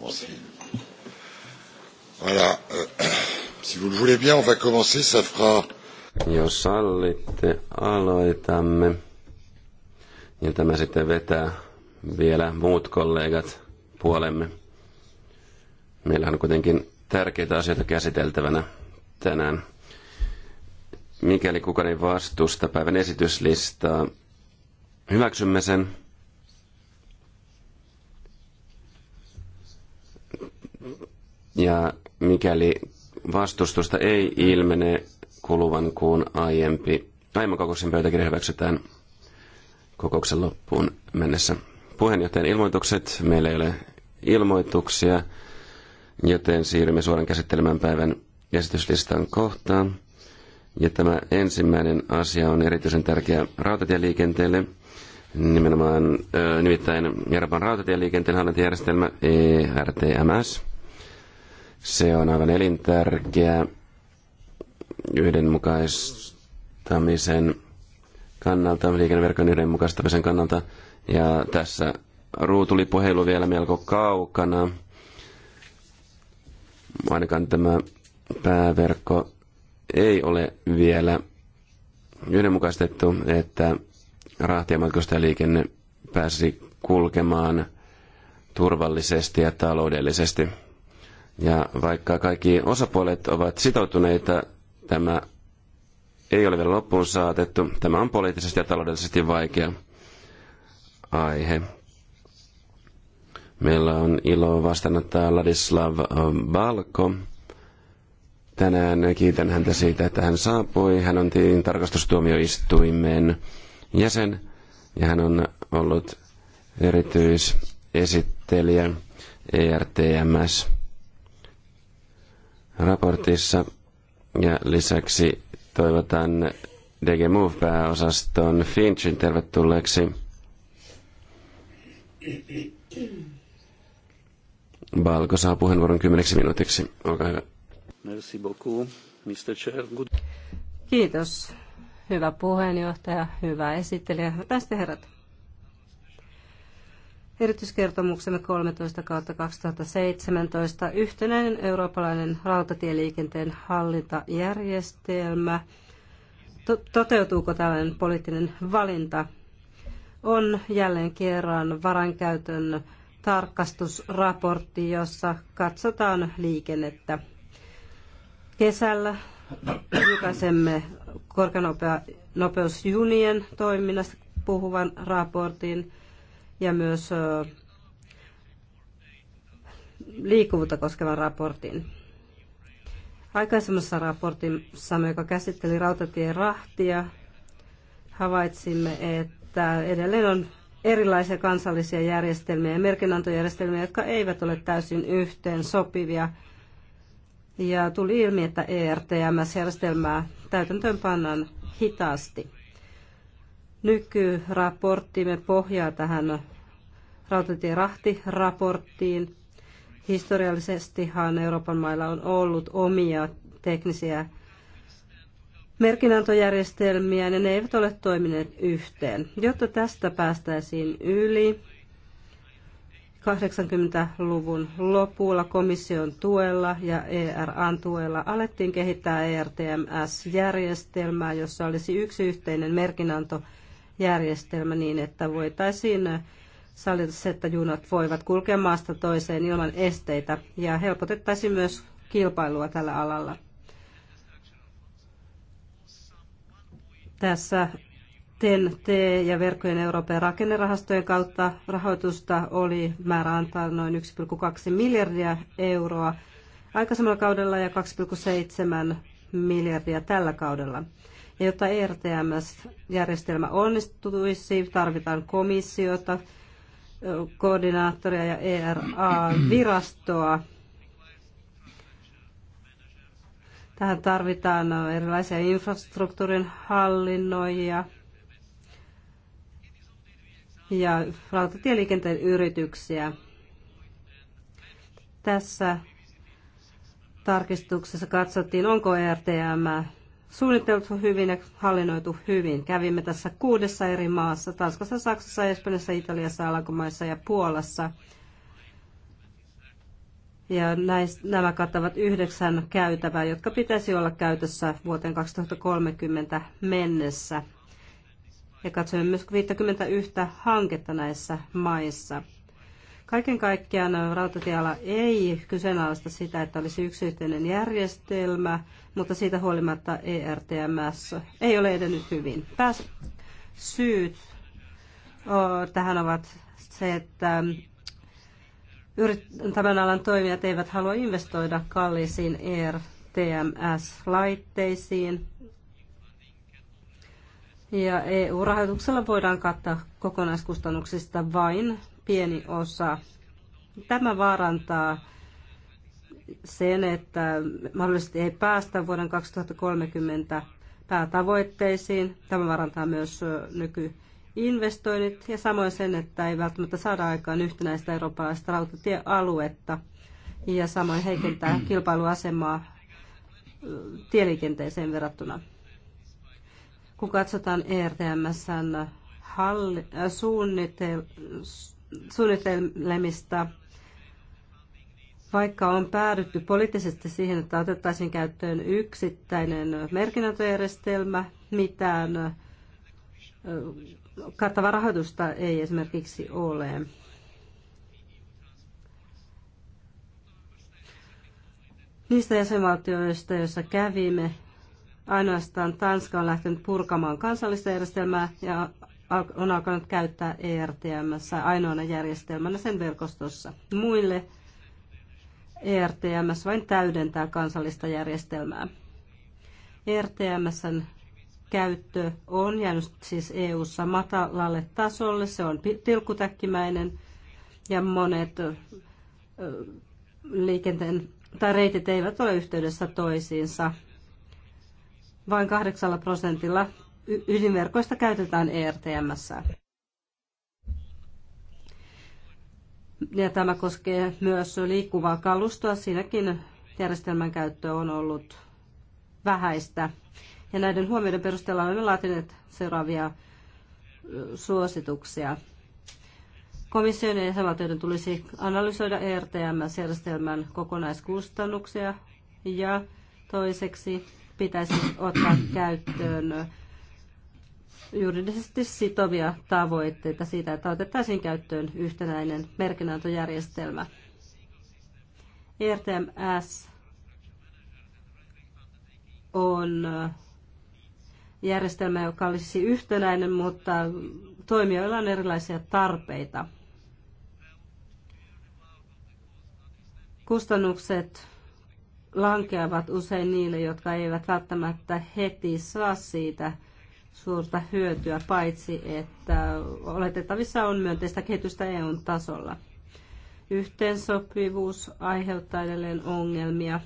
commencer. Voilà. Euh, si vous le voulez bien, on va commencer, ça fera... Jos sallitte, aloitamme. Ja tämä sitten vetää vielä muut kollegat puolemme. Meillä on kuitenkin tärkeitä asioita käsiteltävänä tänään. Mikäli kukaan ei vastusta päivän esityslistaa, hyväksymme sen. Ja mikäli vastustusta ei ilmene kuluvan kuun aiempi, aiemman kokouksen pöytäkirja hyväksytään kokouksen loppuun mennessä. Puheenjohtajan ilmoitukset, meillä ei ole ilmoituksia, joten siirrymme suoraan käsittelemään päivän esityslistan kohtaan. Ja tämä ensimmäinen asia on erityisen tärkeä rautatieliikenteelle, nimenomaan, ö, nimittäin Euroopan rautatieliikenteen hallintajärjestelmä ERTMS – se on aivan elintärkeä yhdenmukaistamisen kannalta, liikenneverkon yhdenmukaistamisen kannalta. Ja tässä ruutulipuheilu vielä melko kaukana. Ainakaan tämä pääverkko ei ole vielä yhdenmukaistettu, että rahti- ja matkustajaliikenne pääsi kulkemaan turvallisesti ja taloudellisesti. Ja vaikka kaikki osapuolet ovat sitoutuneita, tämä ei ole vielä loppuun saatettu. Tämä on poliittisesti ja taloudellisesti vaikea aihe. Meillä on ilo vastaanottaa Ladislav Balko. Tänään kiitän häntä siitä, että hän saapui. Hän on tarkastustuomioistuimen jäsen ja hän on ollut erityisesittelijä ERTMS raportissa. Ja lisäksi toivotan DG Move-pääosaston Finchin tervetulleeksi. Balko saa puheenvuoron kymmeneksi minuutiksi. Olkaa hyvä. Merci beaucoup, Mr. Chair. Good. Kiitos. Hyvä puheenjohtaja, hyvä esittelijä. Tästä herrat erityiskertomuksemme 13 kautta 2017 yhtenäinen eurooppalainen rautatieliikenteen hallintajärjestelmä. To- toteutuuko tällainen poliittinen valinta? On jälleen kerran varankäytön tarkastusraportti, jossa katsotaan liikennettä. Kesällä julkaisemme korkeanopeusjunien toiminnasta puhuvan raportin – ja myös liikkuvuutta koskevan raportin. Aikaisemmassa raportissa, joka käsitteli rautatien rahtia, havaitsimme, että edelleen on erilaisia kansallisia järjestelmiä ja merkinnantojärjestelmiä, jotka eivät ole täysin yhteen sopivia. Ja tuli ilmi, että ERTMS-järjestelmää täytäntöönpannaan hitaasti. Nykyraporttimme pohjaa tähän rautatierahtiraporttiin. raporttiin Historiallisestihan Euroopan mailla on ollut omia teknisiä merkinantojärjestelmiä ja ne eivät ole toimineet yhteen. Jotta tästä päästäisiin yli, 80-luvun lopulla komission tuella ja ERAn tuella alettiin kehittää ERTMS-järjestelmää, jossa olisi yksi yhteinen merkinantojärjestelmä järjestelmä niin, että voitaisiin sallita se, että junat voivat kulkea maasta toiseen ilman esteitä ja helpotettaisiin myös kilpailua tällä alalla. Tässä TEN-T ja verkkojen Euroopan rakennerahastojen kautta rahoitusta oli määrä antaa noin 1,2 miljardia euroa aikaisemmalla kaudella ja 2,7 miljardia tällä kaudella. Jotta ERTMS-järjestelmä onnistuisi, tarvitaan komissiota, koordinaattoria ja ERA-virastoa. Tähän tarvitaan erilaisia infrastruktuurin hallinnoijia ja rautatieliikenteen yrityksiä. Tässä tarkistuksessa katsottiin, onko e RTM suunniteltu hyvin ja hallinnoitu hyvin. Kävimme tässä kuudessa eri maassa, Tanskassa, Saksassa, Espanjassa, Italiassa, Alankomaissa ja Puolassa. Ja näis, nämä kattavat yhdeksän käytävää, jotka pitäisi olla käytössä vuoteen 2030 mennessä. Ja katsoimme myös 51 hanketta näissä maissa. Kaiken kaikkiaan rautatiala ei kyseenalaista sitä, että olisi yksityinen järjestelmä, mutta siitä huolimatta ERTMS ei ole edennyt hyvin. Pääs syyt tähän ovat se, että tämän alan toimijat eivät halua investoida kalliisiin ERTMS-laitteisiin. Ja EU-rahoituksella voidaan kattaa kokonaiskustannuksista vain pieni osa. Tämä vaarantaa sen, että mahdollisesti ei päästä vuoden 2030 päätavoitteisiin. Tämä vaarantaa myös nykyinvestoinnit ja samoin sen, että ei välttämättä saada aikaan yhtenäistä eurooppalaista rautatiealuetta ja samoin heikentää kilpailuasemaa tieliikenteeseen verrattuna. Kun katsotaan ERTMSn halli, suunnitel, suunnitelmista, vaikka on päädytty poliittisesti siihen, että otettaisiin käyttöön yksittäinen merkinnäntöjärjestelmä, mitään kattavaa rahoitusta ei esimerkiksi ole. Niistä jäsenvaltioista, joissa kävimme, ainoastaan Tanska on lähtenyt purkamaan kansallista järjestelmää ja on alkanut käyttää ERTMS ainoana järjestelmänä sen verkostossa. Muille ERTMS vain täydentää kansallista järjestelmää. ERTMSn käyttö on jäänyt siis EU:ssa matalalle tasolle, se on tilkkutäkkimäinen ja monet liikenteen tai reitit eivät ole yhteydessä toisiinsa. Vain kahdeksalla prosentilla ydinverkoista käytetään ERTMS. Ja tämä koskee myös liikkuvaa kalustoa. Siinäkin järjestelmän käyttö on ollut vähäistä. Ja näiden huomioiden perusteella olemme laatineet seuraavia suosituksia. Komission ja jäsenvaltioiden tulisi analysoida ERTMS-järjestelmän kokonaiskustannuksia ja toiseksi pitäisi ottaa käyttöön juridisesti sitovia tavoitteita siitä, että otettaisiin käyttöön yhtenäinen merkinnäntöjärjestelmä. ERTMS on äh, järjestelmä, joka olisi yhtenäinen, mutta toimijoilla on erilaisia tarpeita. Kustannukset lankeavat usein niille, jotka eivät välttämättä heti saa siitä suurta hyötyä, paitsi että oletettavissa on myönteistä kehitystä EUn tasolla. Yhteensopivuus aiheuttaa edelleen ongelmia.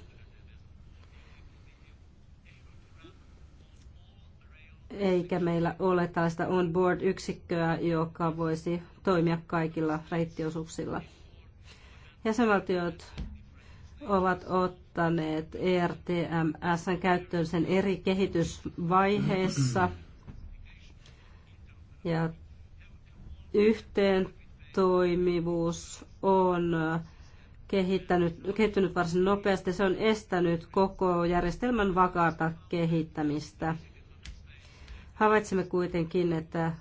Eikä meillä ole tällaista on-board-yksikköä, joka voisi toimia kaikilla reittiosuuksilla. Jäsenvaltiot ovat ottaneet ERTMS käyttöön sen eri kehitysvaiheessa. Mm-hmm ja yhteen toimivuus on kehittänyt, kehittynyt varsin nopeasti. Se on estänyt koko järjestelmän vakaata kehittämistä. Havaitsemme kuitenkin, että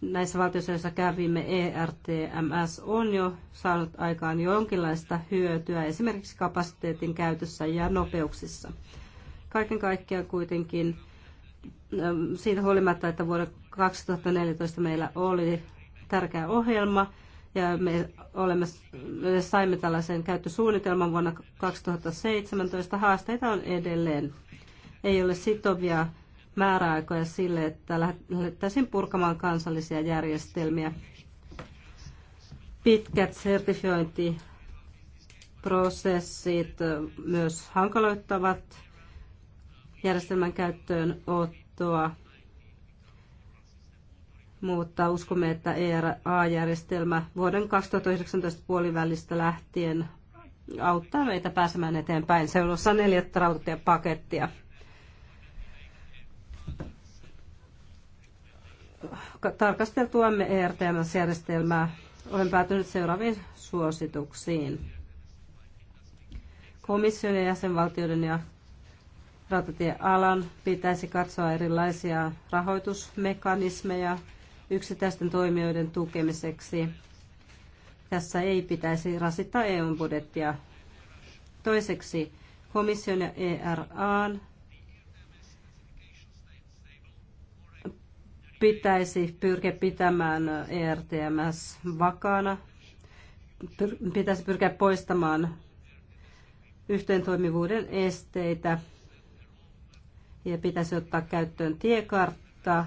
näissä valtioissa, joissa kävimme, ERTMS on jo saanut aikaan jonkinlaista hyötyä esimerkiksi kapasiteetin käytössä ja nopeuksissa. Kaiken kaikkiaan kuitenkin siitä huolimatta, että vuoden 2014 meillä oli tärkeä ohjelma ja me olemme, me saimme tällaisen käyttösuunnitelman vuonna 2017. Haasteita on edelleen. Ei ole sitovia määräaikoja sille, että lähdettäisiin purkamaan kansallisia järjestelmiä. Pitkät sertifiointiprosessit myös hankaloittavat järjestelmän käyttöön ottoa, mutta uskomme, että ERA-järjestelmä vuoden 2019 puolivälistä lähtien auttaa meitä pääsemään eteenpäin. osa neljättä rautatiepakettia. Tarkasteltuamme ERTMS-järjestelmää olen päätynyt seuraaviin suosituksiin. Komission ja jäsenvaltioiden ja rautatiealan pitäisi katsoa erilaisia rahoitusmekanismeja yksittäisten toimijoiden tukemiseksi. Tässä ei pitäisi rasittaa eu budjettia. Toiseksi komission ja ERAn pitäisi pyrkiä pitämään ERTMS vakaana, pitäisi pyrkiä poistamaan yhteentoimivuuden esteitä ja pitäisi ottaa käyttöön tiekartta,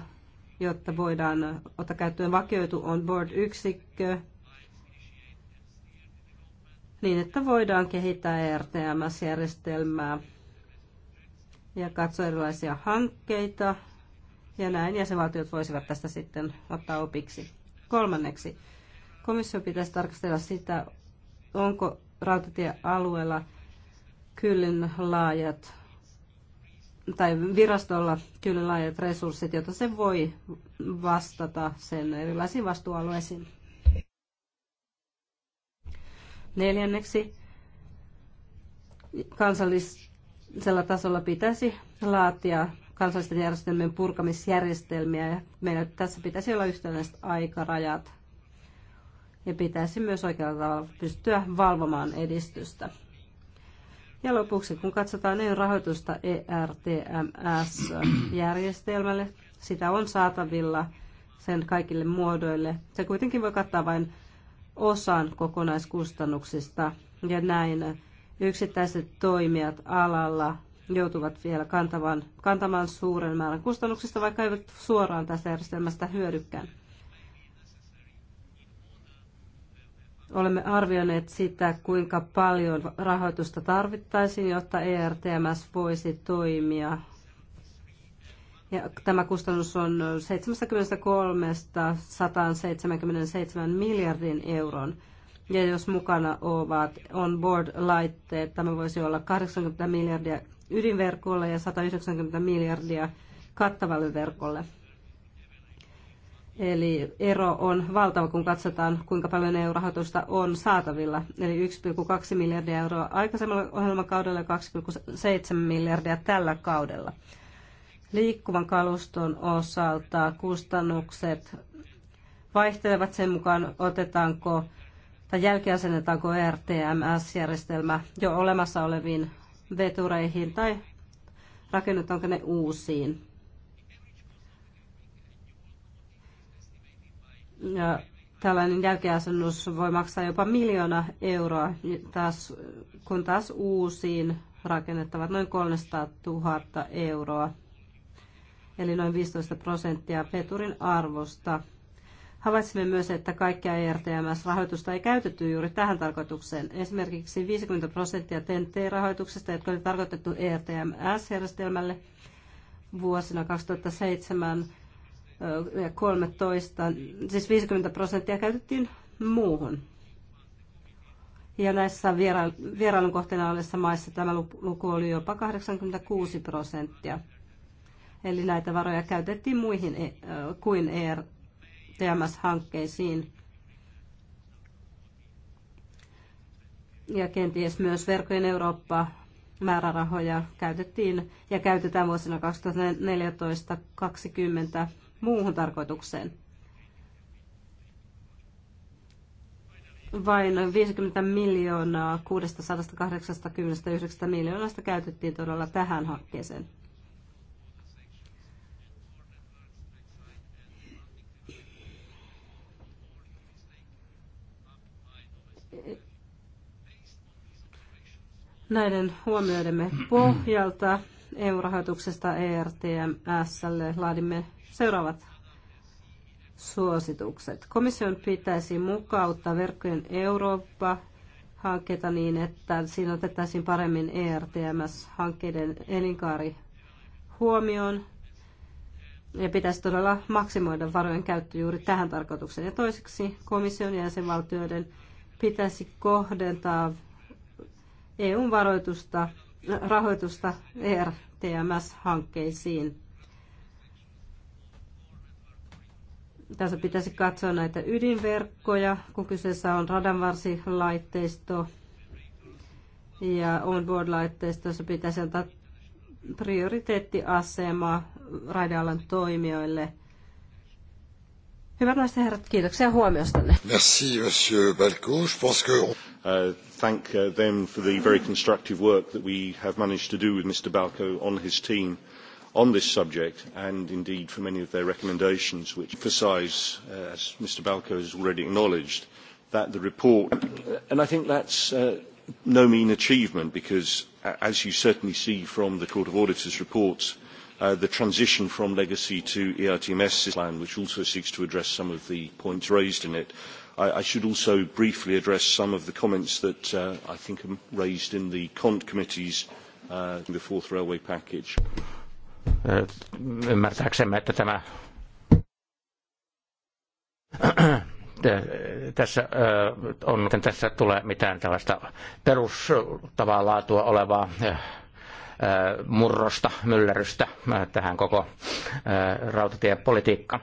jotta voidaan ottaa käyttöön vakioitu onboard-yksikkö, niin että voidaan kehittää ertms järjestelmää ja katsoa erilaisia hankkeita, ja näin jäsenvaltiot voisivat tästä sitten ottaa opiksi. Kolmanneksi, komissio pitäisi tarkastella sitä, onko rautatiealueella kyllin laajat tai virastolla kyllä laajat resurssit, jotta se voi vastata sen erilaisiin vastuualueisiin. Neljänneksi kansallisella tasolla pitäisi laatia kansallisten järjestelmien purkamisjärjestelmiä ja meillä tässä pitäisi olla yhtenäiset aikarajat ja pitäisi myös oikealla tavalla pystyä valvomaan edistystä. Ja lopuksi, kun katsotaan EUn rahoitusta ERTMS-järjestelmälle, sitä on saatavilla sen kaikille muodoille. Se kuitenkin voi kattaa vain osan kokonaiskustannuksista ja näin yksittäiset toimijat alalla joutuvat vielä kantamaan, kantamaan suuren määrän kustannuksista, vaikka eivät suoraan tästä järjestelmästä hyödykään. Olemme arvioineet sitä, kuinka paljon rahoitusta tarvittaisiin, jotta ERTMS voisi toimia. Ja tämä kustannus on 73-177 miljardin euron. Ja jos mukana ovat on-board-laitteet, tämä voisi olla 80 miljardia ydinverkolle ja 190 miljardia kattavalle verkolle. Eli ero on valtava, kun katsotaan, kuinka paljon EU-rahoitusta on saatavilla. Eli 1,2 miljardia euroa aikaisemmalla ohjelmakaudella ja 2,7 miljardia tällä kaudella. Liikkuvan kaluston osalta kustannukset vaihtelevat sen mukaan, otetaanko tai jälkiasennetaanko RTMS-järjestelmä jo olemassa oleviin vetureihin tai rakennetaanko ne uusiin. tällainen jälkiasennus voi maksaa jopa miljoona euroa, taas, kun taas uusiin rakennettavat noin 300 000 euroa, eli noin 15 prosenttia peturin arvosta. Havaitsimme myös, että kaikkia ERTMS-rahoitusta ei käytetty juuri tähän tarkoitukseen. Esimerkiksi 50 prosenttia TNT-rahoituksesta, jotka oli tarkoitettu ERTMS-järjestelmälle vuosina 2007 13, siis 50 prosenttia käytettiin muuhun. Ja näissä vierailun kohteena olevissa maissa tämä luku oli jopa 86 prosenttia. Eli näitä varoja käytettiin muihin e-, kuin ERTMS-hankkeisiin. Ja kenties myös verkkojen Eurooppa määrärahoja käytettiin ja käytetään vuosina 2014-2020 muuhun tarkoitukseen. Vain 50 miljoonaa 689 miljoonasta käytettiin todella tähän hankkeeseen. Näiden huomioidemme pohjalta EU-rahoituksesta ERTMSlle laadimme seuraavat suositukset. Komission pitäisi mukauttaa verkkojen Eurooppa-hankkeita niin, että siinä otettaisiin paremmin ERTMS-hankkeiden elinkaari huomioon. Ja pitäisi todella maksimoida varojen käyttö juuri tähän tarkoitukseen. Ja toiseksi komission ja jäsenvaltioiden pitäisi kohdentaa EUn varoitusta, rahoitusta ERTMS-hankkeisiin. Tässä pitäisi katsoa näitä ydinverkkoja, kun kyseessä on radanvarsilaitteisto ja onboard laitteisto jossa pitäisi antaa prioriteettiasema raidealan toimijoille. Hyvät naiset ja herrat, kiitoksia huomiostanne. Merci, monsieur Balco. Je pense que... Uh, thank uh, them for the very constructive work that we have managed to do with Mr. Balco on his team on this subject and indeed for many of their recommendations which emphasise, uh, as Mr Balco has already acknowledged, that the report, uh, and I think that's uh, no mean achievement because uh, as you certainly see from the Court of Auditors reports, uh, the transition from legacy to ERTMS plan, which also seeks to address some of the points raised in it, I, should also briefly address some of the comments that uh, I think are raised in the CONT committees uh, in the fourth railway package ymmärtääksemme, että tämä tässä, on, tässä tulee mitään tällaista perustavaa laatua olevaa murrosta, myllerrystä tähän koko rautatiepolitiikkaan.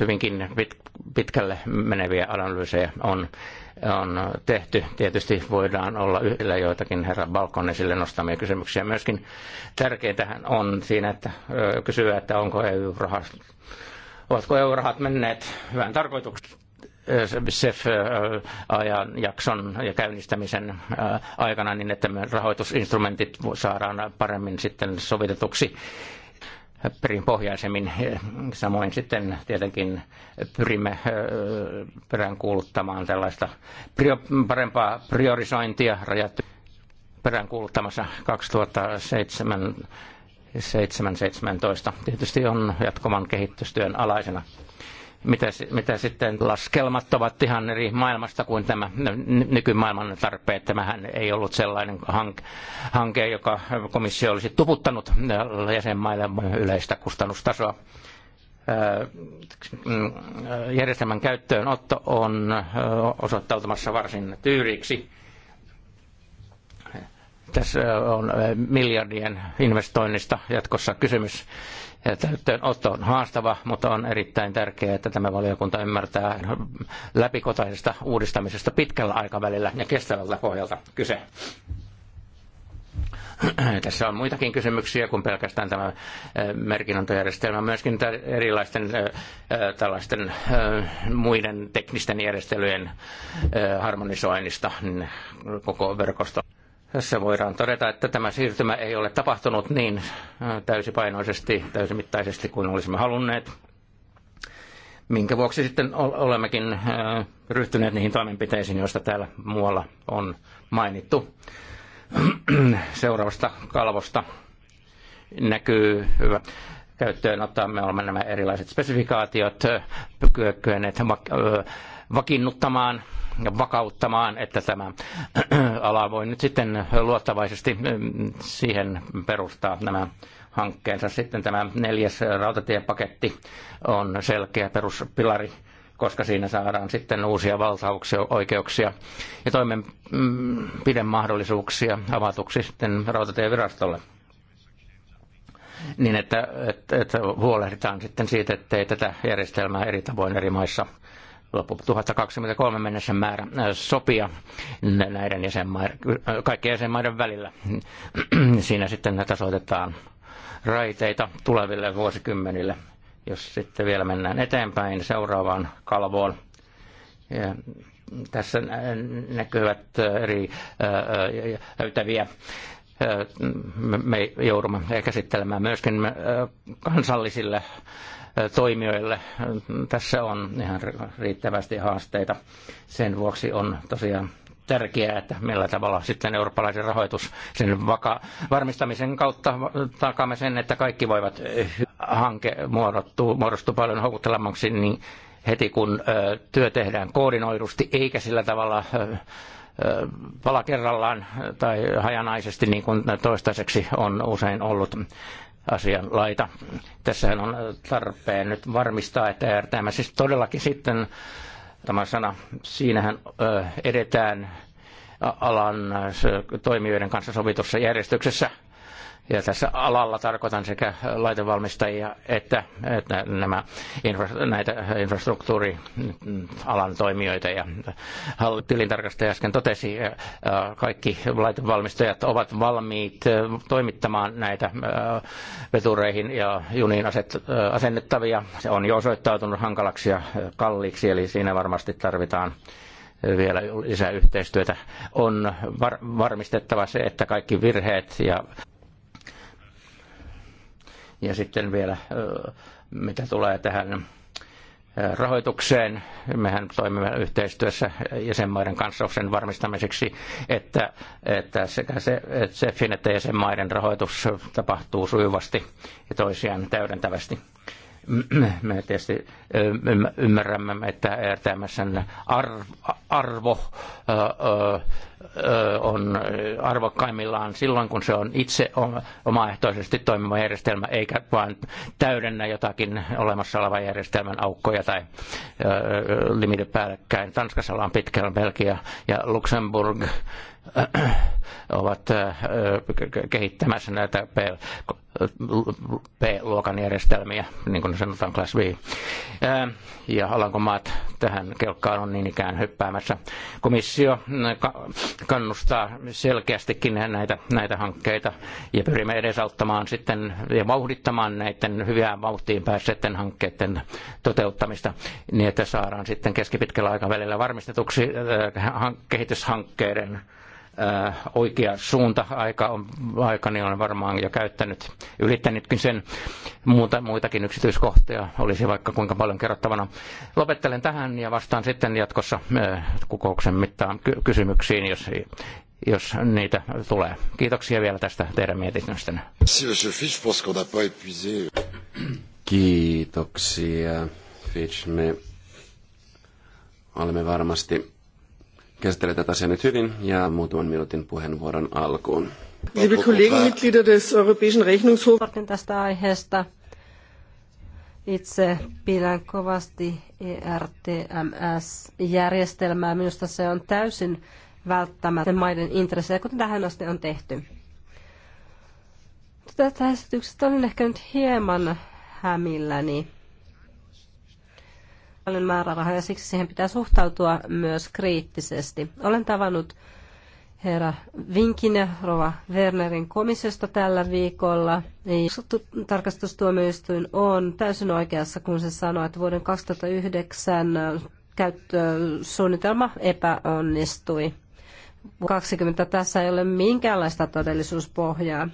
Hyvinkin pitkälle meneviä analyysejä on on tehty. Tietysti voidaan olla yhdellä joitakin herra Balkon esille nostamia kysymyksiä. Myöskin tärkeintähän on siinä, että kysyä, että onko EU-rahat, ovatko EU-rahat menneet hyvään tarkoitukseen. SEF-ajan jakson ja käynnistämisen aikana niin, että rahoitusinstrumentit saadaan paremmin sitten sovitetuksi perinpohjaisemmin. Samoin sitten tietenkin pyrimme peräänkuuluttamaan tällaista parempaa priorisointia rajattu peräänkuuluttamassa 2007 17 Tietysti on jatkoman kehitystyön alaisena mitä, mitä sitten laskelmat ovat ihan eri maailmasta kuin tämä nykymaailman tarpeet. Tämähän ei ollut sellainen hanke, joka komissio olisi tuputtanut jäsenmaille yleistä kustannustasoa äh, järjestelmän käyttöönotto on äh, osoittautumassa varsin tyyriksi. Tässä on äh, miljardien investoinnista jatkossa kysymys täyttöönotto on haastava, mutta on erittäin tärkeää, että tämä valiokunta ymmärtää läpikotaisesta uudistamisesta pitkällä aikavälillä ja kestävältä pohjalta kyse. Tässä on muitakin kysymyksiä kuin pelkästään tämä äh, merkinnantojärjestelmä, myöskin erilaisten äh, äh, tällaisten muiden teknisten järjestelyjen harmonisoinnista niin koko verkosto tässä voidaan todeta, että tämä siirtymä ei ole tapahtunut niin äh, täysipainoisesti, täysimittaisesti kuin olisimme halunneet minkä vuoksi sitten olemmekin äh, ryhtyneet niihin toimenpiteisiin, joista täällä muualla on mainittu. Seuraavasta kalvosta näkyy hyvä käyttöön ottaa. Me olemme nämä erilaiset spesifikaatiot äh, kyenneet vakiinnuttamaan vakauttamaan, että tämä ala voi nyt sitten luottavaisesti mm, siihen perustaa nämä hankkeensa. Sitten tämä neljäs rautatiepaketti on selkeä peruspilari koska siinä saadaan sitten uusia valtauksia, oikeuksia ja toimenpidemahdollisuuksia mm, avatuksi sitten rautatievirastolle. Niin, että, että, että huolehditaan sitten siitä, ettei tätä järjestelmää eri tavoin eri maissa 2023 mennessä määrä äh, sopia näiden jäsenmaiden, äh, kaikkien jäsenmaiden välillä. Siinä sitten tasoitetaan raiteita tuleville vuosikymmenille, jos sitten vielä mennään eteenpäin seuraavaan kalvoon. Ja tässä näkyvät äh, eri löytäviä me joudumme käsittelemään myöskin kansallisille toimijoille. Tässä on ihan riittävästi haasteita. Sen vuoksi on tosiaan tärkeää, että millä tavalla sitten eurooppalaisen rahoitus sen vaka- varmistamisen kautta takaamme sen, että kaikki voivat hanke muodostuu, muodostuu paljon houkuttelemmaksi niin heti kun ö, työ tehdään koordinoidusti eikä sillä tavalla ö, pala kerrallaan tai hajanaisesti niin kuin toistaiseksi on usein ollut asian laita Tässähän on tarpeen nyt varmistaa, että RTM siis todellakin sitten tämä sana, siinähän edetään alan toimijoiden kanssa sovitussa järjestyksessä – ja tässä alalla tarkoitan sekä laitevalmistajia että, että nämä infra, näitä infrastruktuurialan toimijoita. Ja tilintarkastaja äsken totesi, kaikki laitevalmistajat ovat valmiit toimittamaan näitä vetureihin ja juniin aset, asennettavia. Se on jo osoittautunut hankalaksi ja kalliiksi, eli siinä varmasti tarvitaan vielä lisää yhteistyötä. On var- varmistettava se, että kaikki virheet ja ja sitten vielä, mitä tulee tähän rahoitukseen. Mehän toimimme yhteistyössä jäsenmaiden kanssa sen varmistamiseksi, että, että sekä se, että SEFin että jäsenmaiden rahoitus tapahtuu sujuvasti ja toisiaan täydentävästi me tietysti ymmärrämme, että RTMSn arvo on arvokkaimmillaan silloin, kun se on itse omaehtoisesti toimiva järjestelmä, eikä vain täydennä jotakin olemassa olevan järjestelmän aukkoja tai limite päällekkäin. Tanskassa ollaan pitkällä Belgia ja Luxemburg Äh, ovat äh, kehittämässä näitä P-luokan järjestelmiä, niin kuin sanotaan Class B. Äh, ja Alankomaat tähän kelkkaan on niin ikään hyppäämässä. Komissio kannustaa selkeästikin näitä, näitä hankkeita ja pyrimme edesauttamaan sitten ja vauhdittamaan näiden hyvään vauhtiin päässeiden hankkeiden toteuttamista niin, että saadaan sitten keskipitkällä aikavälillä varmistetuksi kehityshankkeiden Äh, oikea suunta. Aika on, aikani on varmaan jo käyttänyt, ylittänytkin sen. Muuta, muitakin yksityiskohtia olisi vaikka kuinka paljon kerrottavana. Lopettelen tähän ja vastaan sitten jatkossa äh, kokouksen mittaan kysymyksiin, jos, jos niitä tulee. Kiitoksia vielä tästä teidän mietinnöstänne. Kiitoksia, Fitch. Me olemme varmasti käsittelee tätä asiaa nyt hyvin ja muutaman minuutin puheenvuoron alkuun. Liebe Kollegen, Mitglieder des Europäischen Rechnungshofs. tästä aiheesta. Itse pidän kovasti ERTMS-järjestelmää. Minusta se on täysin välttämätön maiden intressejä, kuten tähän asti on tehty. Tätä esityksestä olin ehkä nyt hieman hämilläni paljon määrärahoja, siksi siihen pitää suhtautua myös kriittisesti. Olen tavannut herra Vinkin Rova Wernerin komissiosta tällä viikolla. Tarkastustuomioistuin on täysin oikeassa, kun se sanoo, että vuoden 2009 käyttösuunnitelma epäonnistui. 20 tässä ei ole minkäänlaista todellisuuspohjaa.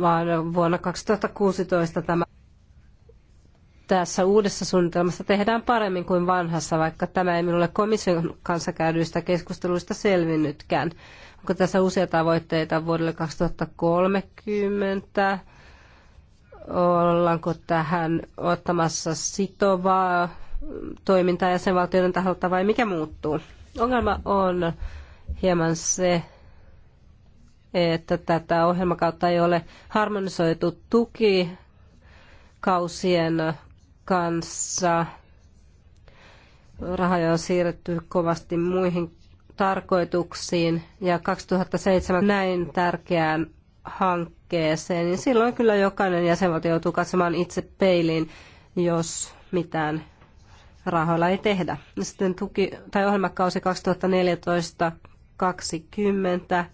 vaan vuonna 2016 tämä tässä uudessa suunnitelmassa tehdään paremmin kuin vanhassa, vaikka tämä ei minulle komission kanssa käydyistä keskusteluista selvinnytkään. Onko tässä uusia tavoitteita vuodelle 2030? Ollaanko tähän ottamassa sitovaa toimintaa jäsenvaltioiden taholta vai mikä muuttuu? Ongelma on hieman se, että tätä ohjelmakautta ei ole harmonisoitu tukikausien kanssa. Rahoja on siirretty kovasti muihin tarkoituksiin ja 2007 näin tärkeään hankkeeseen, niin silloin kyllä jokainen jäsenvaltio joutuu katsomaan itse peiliin, jos mitään rahoilla ei tehdä. Sitten tuki, tai ohjelmakausi 2014 20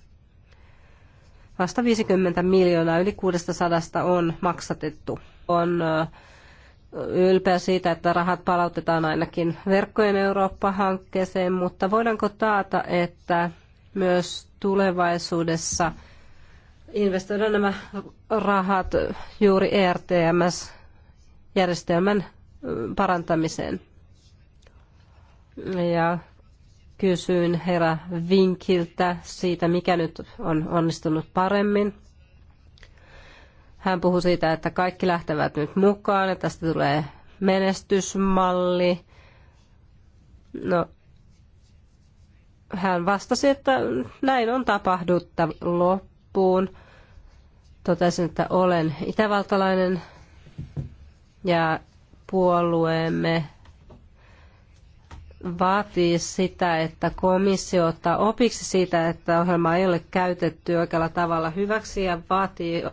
Vasta 50 miljoonaa yli 600 on maksatettu. On ylpeä siitä, että rahat palautetaan ainakin verkkojen Eurooppa-hankkeeseen, mutta voidaanko taata, että myös tulevaisuudessa investoidaan nämä rahat juuri ERTMS-järjestelmän parantamiseen? Ja kysyin herra Vinkiltä siitä, mikä nyt on onnistunut paremmin. Hän puhui siitä, että kaikki lähtevät nyt mukaan ja tästä tulee menestysmalli. No, hän vastasi, että näin on tapahdutta loppuun. Totesin, että olen itävaltalainen ja puolueemme vaatii sitä, että komissio ottaa opiksi siitä, että ohjelma ei ole käytetty oikealla tavalla hyväksi ja vaatii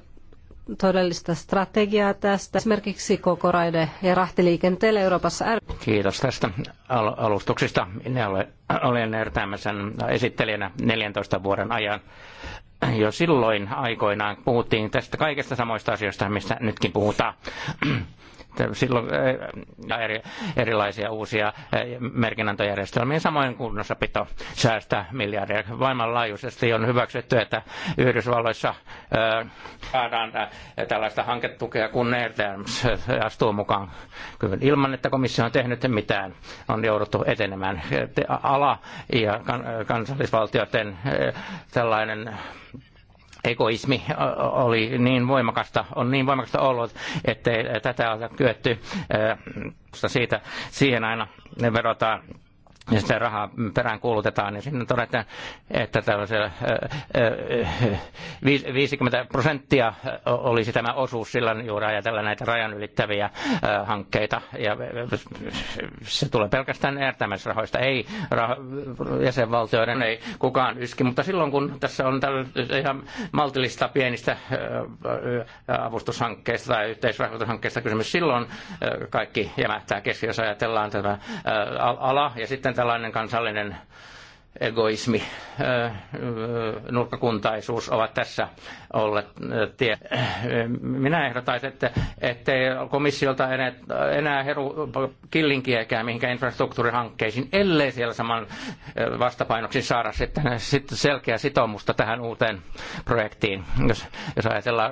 todellista strategiaa tästä, esimerkiksi koko raide- ja rahtiliikenteelle Euroopassa. Kiitos tästä al- alustuksista. Minä olen, olen Ertäämäsen esittelijänä 14 vuoden ajan. Jo silloin aikoinaan puhuttiin tästä kaikesta samoista asioista, mistä nytkin puhutaan. silloin eh, eri, erilaisia uusia eh, merkinnäntöjärjestelmiä, samoin kunnossapito säästää miljardia. Maailmanlaajuisesti on hyväksytty, että Yhdysvalloissa eh, saadaan tällaista hanketukea, kun Airterms astuu mukaan ilman, että komissio on tehnyt mitään. On jouduttu etenemään ala- ja kansallisvaltioiden tällainen egoismi oli niin voimakasta, on niin voimakasta ollut, ettei tätä ole kyetty siitä, siihen aina verotaan ja sitä rahaa perään kuulutetaan, niin sinne todetaan, että tällaisella 50 prosenttia olisi tämä osuus silloin juuri ajatella näitä rajan ylittäviä hankkeita. Ja se tulee pelkästään järjestämisrahoista, ei jäsenvaltioiden, ei kukaan yski. Mutta silloin kun tässä on ihan maltillista pienistä avustushankkeista tai yhteisrahoitushankkeista kysymys, silloin kaikki jämähtää keski, jos ajatellaan tämä ala ja sitten sitten tällainen kansallinen egoismi, nurkkakuntaisuus ovat tässä olleet tie. Minä ehdotaisin, että ettei komissiolta enää, heru killinkiäkään mihinkään infrastruktuurihankkeisiin, ellei siellä saman vastapainoksi saada sitten, selkeä sitoumusta tähän uuteen projektiin. Jos, jos ajatellaan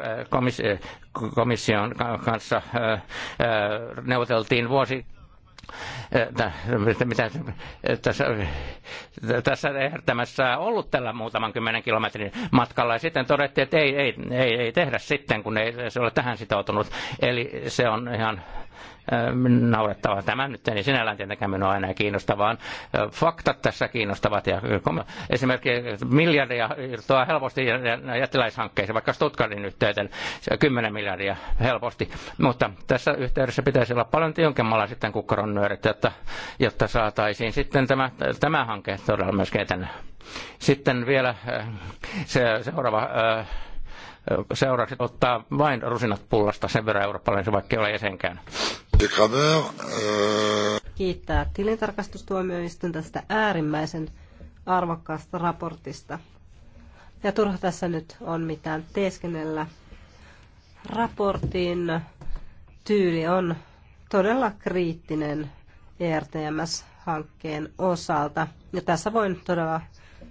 komission kanssa neuvoteltiin vuosi mitä tässä, tässä on ollut tällä muutaman kymmenen kilometrin matkalla. Ja sitten todettiin, että ei, ei, ei, ei tehdä sitten, kun ei se ole tähän sitoutunut. Eli se on ihan naurettavaa. Tämä nyt ei sinällään tietenkään minua enää kiinnosta, vaan faktat tässä kiinnostavat. Ja esimerkiksi miljardia irtoaa helposti jättiläishankkeeseen, vaikka Stuttgartin yhteyteen 10 miljardia helposti. Mutta tässä yhteydessä pitäisi olla paljon tiukemmalla sitten kukkaron nyörit, jotta, jotta saataisiin sitten tämä, tämä hanke todella myös etenä. Sitten vielä se, seuraava Seuraavaksi ottaa vain rusinat pullasta sen verran eurooppalaisen, vaikka ei ole jäsenkään. Äh, Kiittää tilintarkastustuomioistuin tästä äärimmäisen arvokkaasta raportista. Ja turha tässä nyt on mitään teeskennellä. Raportin tyyli on todella kriittinen ERTMS-hankkeen osalta. Ja tässä voin todella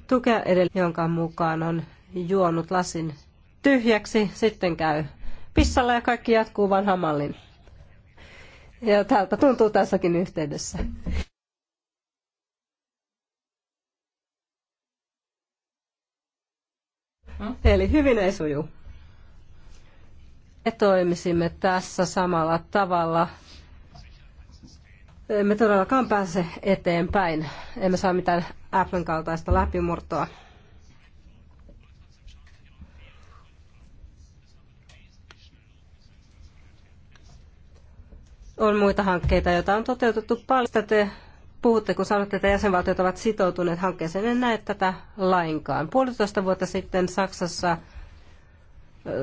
tukea edellä, jonka mukaan on juonut lasin tyhjäksi, sitten käy pissalla ja kaikki jatkuu vanhan mallin. Ja tältä tuntuu tässäkin yhteydessä. Eli hyvin ei suju. Me toimisimme tässä samalla tavalla. Emme todellakaan pääse eteenpäin. Emme saa mitään Applen kaltaista läpimurtoa. on muita hankkeita, joita on toteutettu paljon. Te puhutte, kun sanotte, että jäsenvaltiot ovat sitoutuneet hankkeeseen. En näe tätä lainkaan. Puolitoista vuotta sitten Saksassa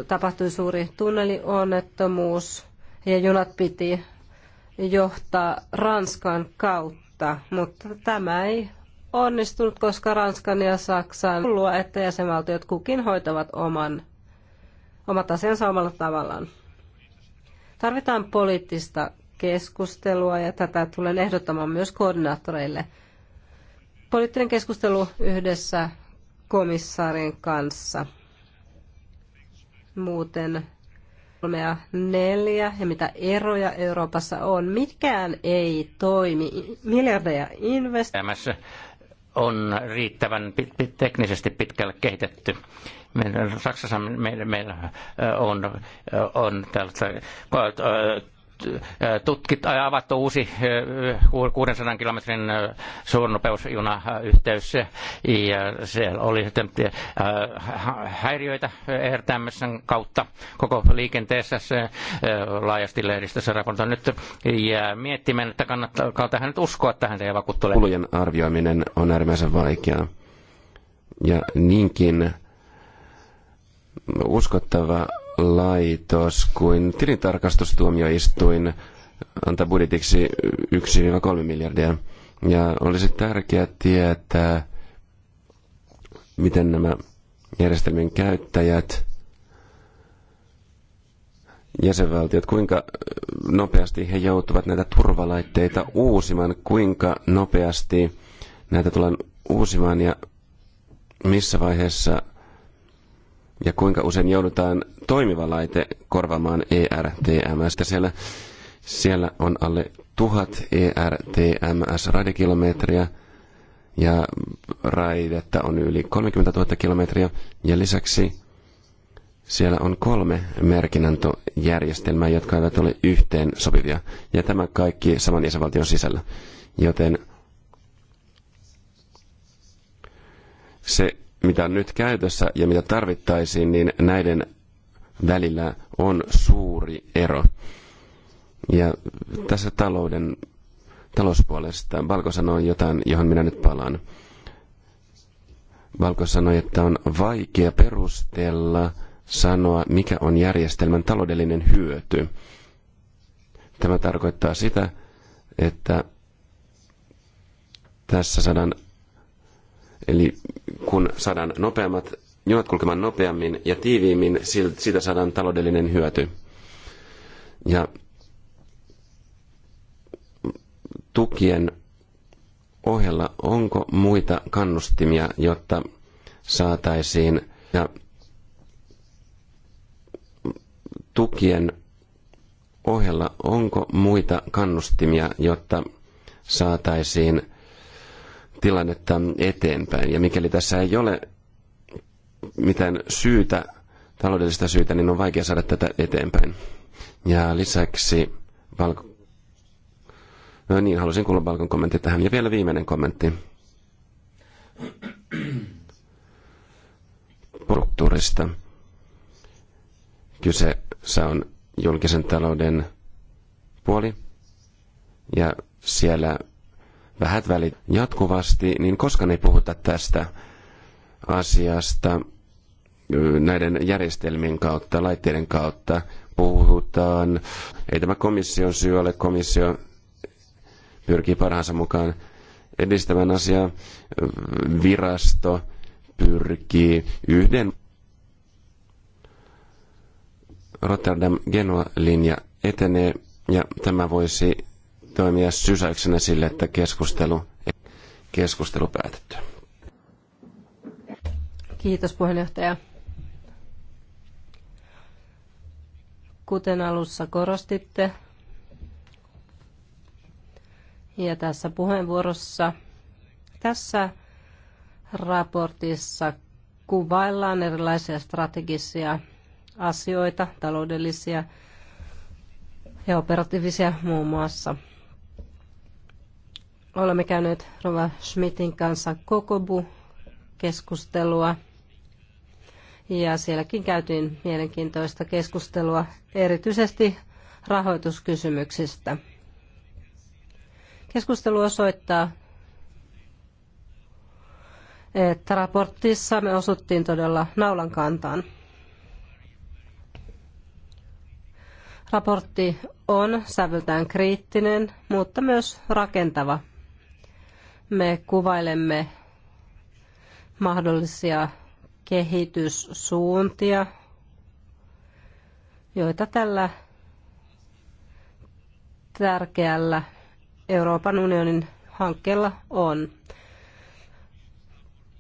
tapahtui suuri tunnelionnettomuus ja junat piti johtaa Ranskan kautta, mutta tämä ei onnistunut, koska Ranskan ja Saksan luo, että jäsenvaltiot kukin hoitavat oman, omat asiansa omalla tavallaan. Tarvitaan poliittista keskustelua ja tätä tulee ehdottamaan myös koordinaattoreille. Poliittinen keskustelu yhdessä komissaarin kanssa. Muuten kolme ja neljä ja mitä eroja Euroopassa on. Mitkään ei toimi. Miljardeja investoimassa on riittävän pit, pit, teknisesti pitkälle kehitetty. Meillä, Saksassa meillä, meillä on, on tältä, tutkit, avattu uusi 600 äh, kilometrin äh, suurnopeusjunayhteys äh, ja siellä oli sitten häiriöitä ERTMSn kautta koko liikenteessä se laajasti lehdistössä raportoi nyt ja miettimään, että kannattaa tähän nyt uskoa tähän ja vakuuttua. Kulujen arvioiminen on äärimmäisen vaikeaa ja niinkin uskottava laitos kuin tilintarkastustuomioistuin antaa budjetiksi 1-3 miljardia. Ja olisi tärkeää tietää, miten nämä järjestelmien käyttäjät, jäsenvaltiot, kuinka nopeasti he joutuvat näitä turvalaitteita uusimaan, kuinka nopeasti näitä tullaan uusimaan ja missä vaiheessa – ja kuinka usein joudutaan toimiva laite korvaamaan ERTMS. Siellä, siellä on alle tuhat ertms radikilometriä ja raidetta on yli 30 000 kilometriä ja lisäksi siellä on kolme merkinnäntöjärjestelmää, jotka eivät ole yhteen sopivia. Ja tämä kaikki saman jäsenvaltion sisällä. Joten se mitä on nyt käytössä ja mitä tarvittaisiin, niin näiden välillä on suuri ero. Ja tässä talouden, talouspuolesta Valko sanoi jotain, johon minä nyt palaan. Valko sanoi, että on vaikea perustella sanoa, mikä on järjestelmän taloudellinen hyöty. Tämä tarkoittaa sitä, että tässä saadaan Eli kun saadaan nopeammat junat kulkemaan nopeammin ja tiiviimmin, siitä saadaan taloudellinen hyöty. Ja tukien ohella, onko muita kannustimia, jotta saataisiin ja tukien ohella, onko muita kannustimia, jotta saataisiin tilannetta eteenpäin. Ja mikäli tässä ei ole mitään syytä, taloudellista syytä, niin on vaikea saada tätä eteenpäin. Ja lisäksi Valko... No niin, halusin kuulla Valkon kommentti tähän. Ja vielä viimeinen kommentti. Struktuurista. Kyseessä on julkisen talouden puoli. Ja siellä vähät välit jatkuvasti, niin koska ei puhuta tästä asiasta näiden järjestelmien kautta, laitteiden kautta puhutaan. Ei tämä komission syy ole, komissio pyrkii parhaansa mukaan edistämään asiaa. Virasto pyrkii yhden Rotterdam-Genua-linja etenee ja tämä voisi toimia sysäyksenä sille, että keskustelu, keskustelu päätetty. Kiitos puheenjohtaja. Kuten alussa korostitte, ja tässä puheenvuorossa, tässä raportissa kuvaillaan erilaisia strategisia asioita, taloudellisia ja operatiivisia muun muassa. Olemme käyneet Rova Schmidtin kanssa Kokobu-keskustelua ja sielläkin käytiin mielenkiintoista keskustelua erityisesti rahoituskysymyksistä. Keskustelu osoittaa, että raportissa me osuttiin todella naulan kantaan. Raportti on sävyltään kriittinen, mutta myös rakentava me kuvailemme mahdollisia kehityssuuntia, joita tällä tärkeällä Euroopan unionin hankkeella on.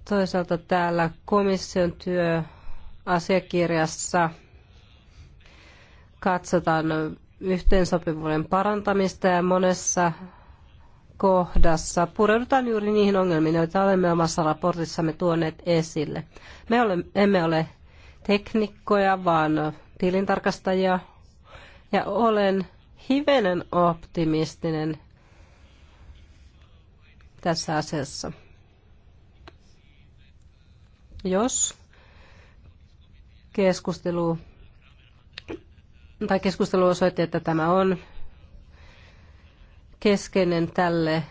Toisaalta täällä komission työasiakirjassa katsotaan yhteensopivuuden parantamista ja monessa kohdassa pureudutaan juuri niihin ongelmiin, joita olemme omassa raportissamme tuoneet esille. Me ole, emme ole teknikkoja, vaan tilintarkastajia ja olen hivenen optimistinen tässä asiassa. Jos keskustelu tai keskustelu osoitti, että tämä on keskeinen tälle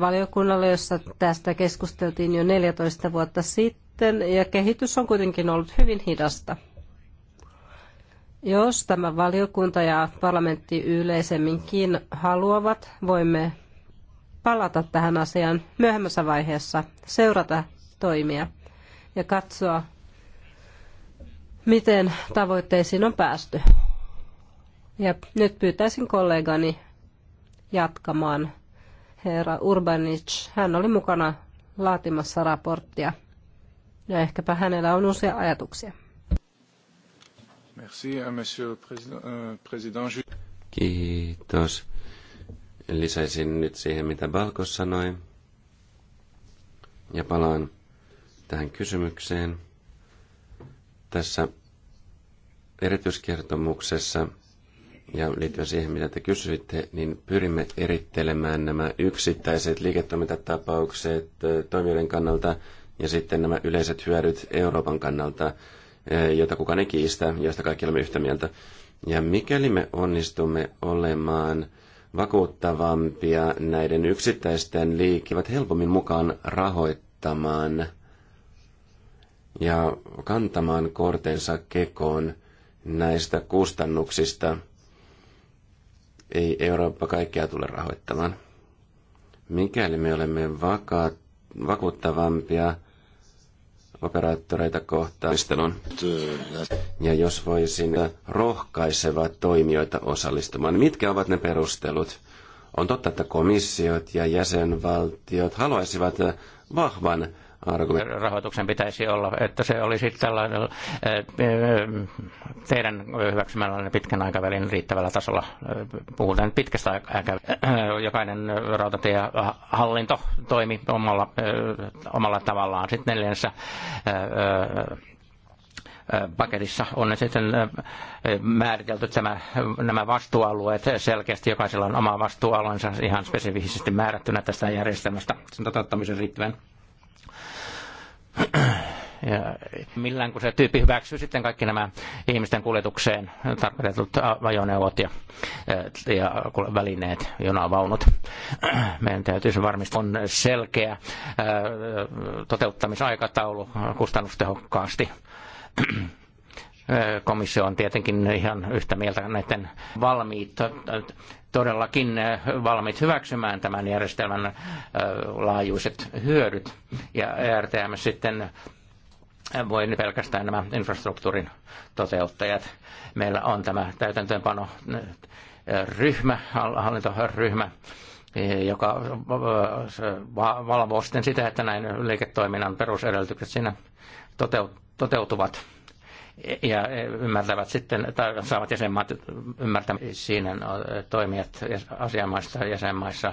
valiokunnalle, jossa tästä keskusteltiin jo 14 vuotta sitten, ja kehitys on kuitenkin ollut hyvin hidasta. Jos tämä valiokunta ja parlamentti yleisemminkin haluavat, voimme palata tähän asiaan myöhemmässä vaiheessa, seurata toimia ja katsoa, miten tavoitteisiin on päästy. Ja nyt pyytäisin kollegani jatkamaan. Herra Urbanic, hän oli mukana laatimassa raporttia ja ehkäpä hänellä on uusia ajatuksia. Merci, euh, monsieur président. Euh, Kiitos. Lisäisin nyt siihen, mitä Balkos sanoi. Ja palaan tähän kysymykseen. Tässä erityiskertomuksessa ja liittyen siihen, mitä te kysyitte, niin pyrimme erittelemään nämä yksittäiset liiketoimintatapaukset toimijoiden kannalta ja sitten nämä yleiset hyödyt Euroopan kannalta, jota kukaan ei kiistä, joista kaikki olemme yhtä mieltä. Ja mikäli me onnistumme olemaan vakuuttavampia näiden yksittäisten liikivät helpommin mukaan rahoittamaan ja kantamaan kortensa kekoon näistä kustannuksista – ei Eurooppa kaikkea tule rahoittamaan. Mikäli me olemme vaka- vakuuttavampia operaattoreita kohtaan, ja jos voisin äh, rohkaiseva toimijoita osallistumaan, mitkä ovat ne perustelut? On totta, että komissiot ja jäsenvaltiot haluaisivat äh, vahvan argumentti. Rahoituksen pitäisi olla, että se olisi tällainen eh, eh, teidän hyväksymällä pitkän aikavälin riittävällä tasolla. Puhutaan pitkästä aikavälistä. Jokainen rautatiehallinto toimi omalla, eh, omalla tavallaan sitten neljänsä paketissa on sitten määritelty tämä, nämä vastuualueet selkeästi. Jokaisella on oma vastuualueensa ihan spesifisesti määrättynä tästä järjestelmästä sen toteuttamisen riittävän millään kun se tyyppi hyväksyy sitten kaikki nämä ihmisten kuljetukseen tarkoitetut ajoneuvot ja, eh, ja välineet, junavaunut. Meidän se varmistaa, on selkeä eh, toteuttamisaikataulu kustannustehokkaasti eh, komissio on tietenkin ihan yhtä mieltä näiden valmiit todellakin äh, valmiit hyväksymään tämän järjestelmän äh, laajuiset hyödyt. Ja ERTM sitten äh, voi pelkästään nämä infrastruktuurin toteuttajat. Meillä on tämä täytäntöönpano ryhmä, hallintoryhmä, joka valvoo sitten sitä, että näin liiketoiminnan perusedellytykset siinä toteutuvat ja ymmärtävät sitten, tai saavat jäsenmaat ymmärtämään siinä toimijat asianmaissa jäsenmaissa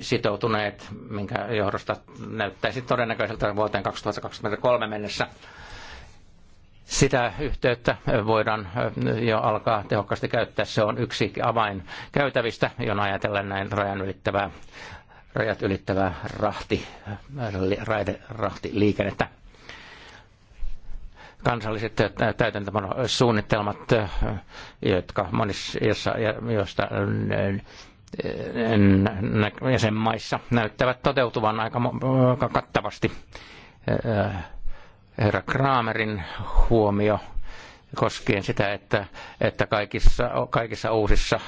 sitoutuneet, minkä johdosta näyttäisi todennäköiseltä vuoteen 2023 mennessä. Sitä yhteyttä voidaan jo alkaa tehokkaasti käyttää. Se on yksi avain käytävistä, jona ajatellen näin rajan ylittävää, rajat ylittävää rahti, raide, liikennettä kansalliset täytäntöön suunnitelmat, äh, jotka monissa, joista äh, jäsenmaissa näyttävät toteutuvan aika kattavasti. Äh, herra Kramerin huomio koskien sitä, että, että kaikissa, kaikissa uusissa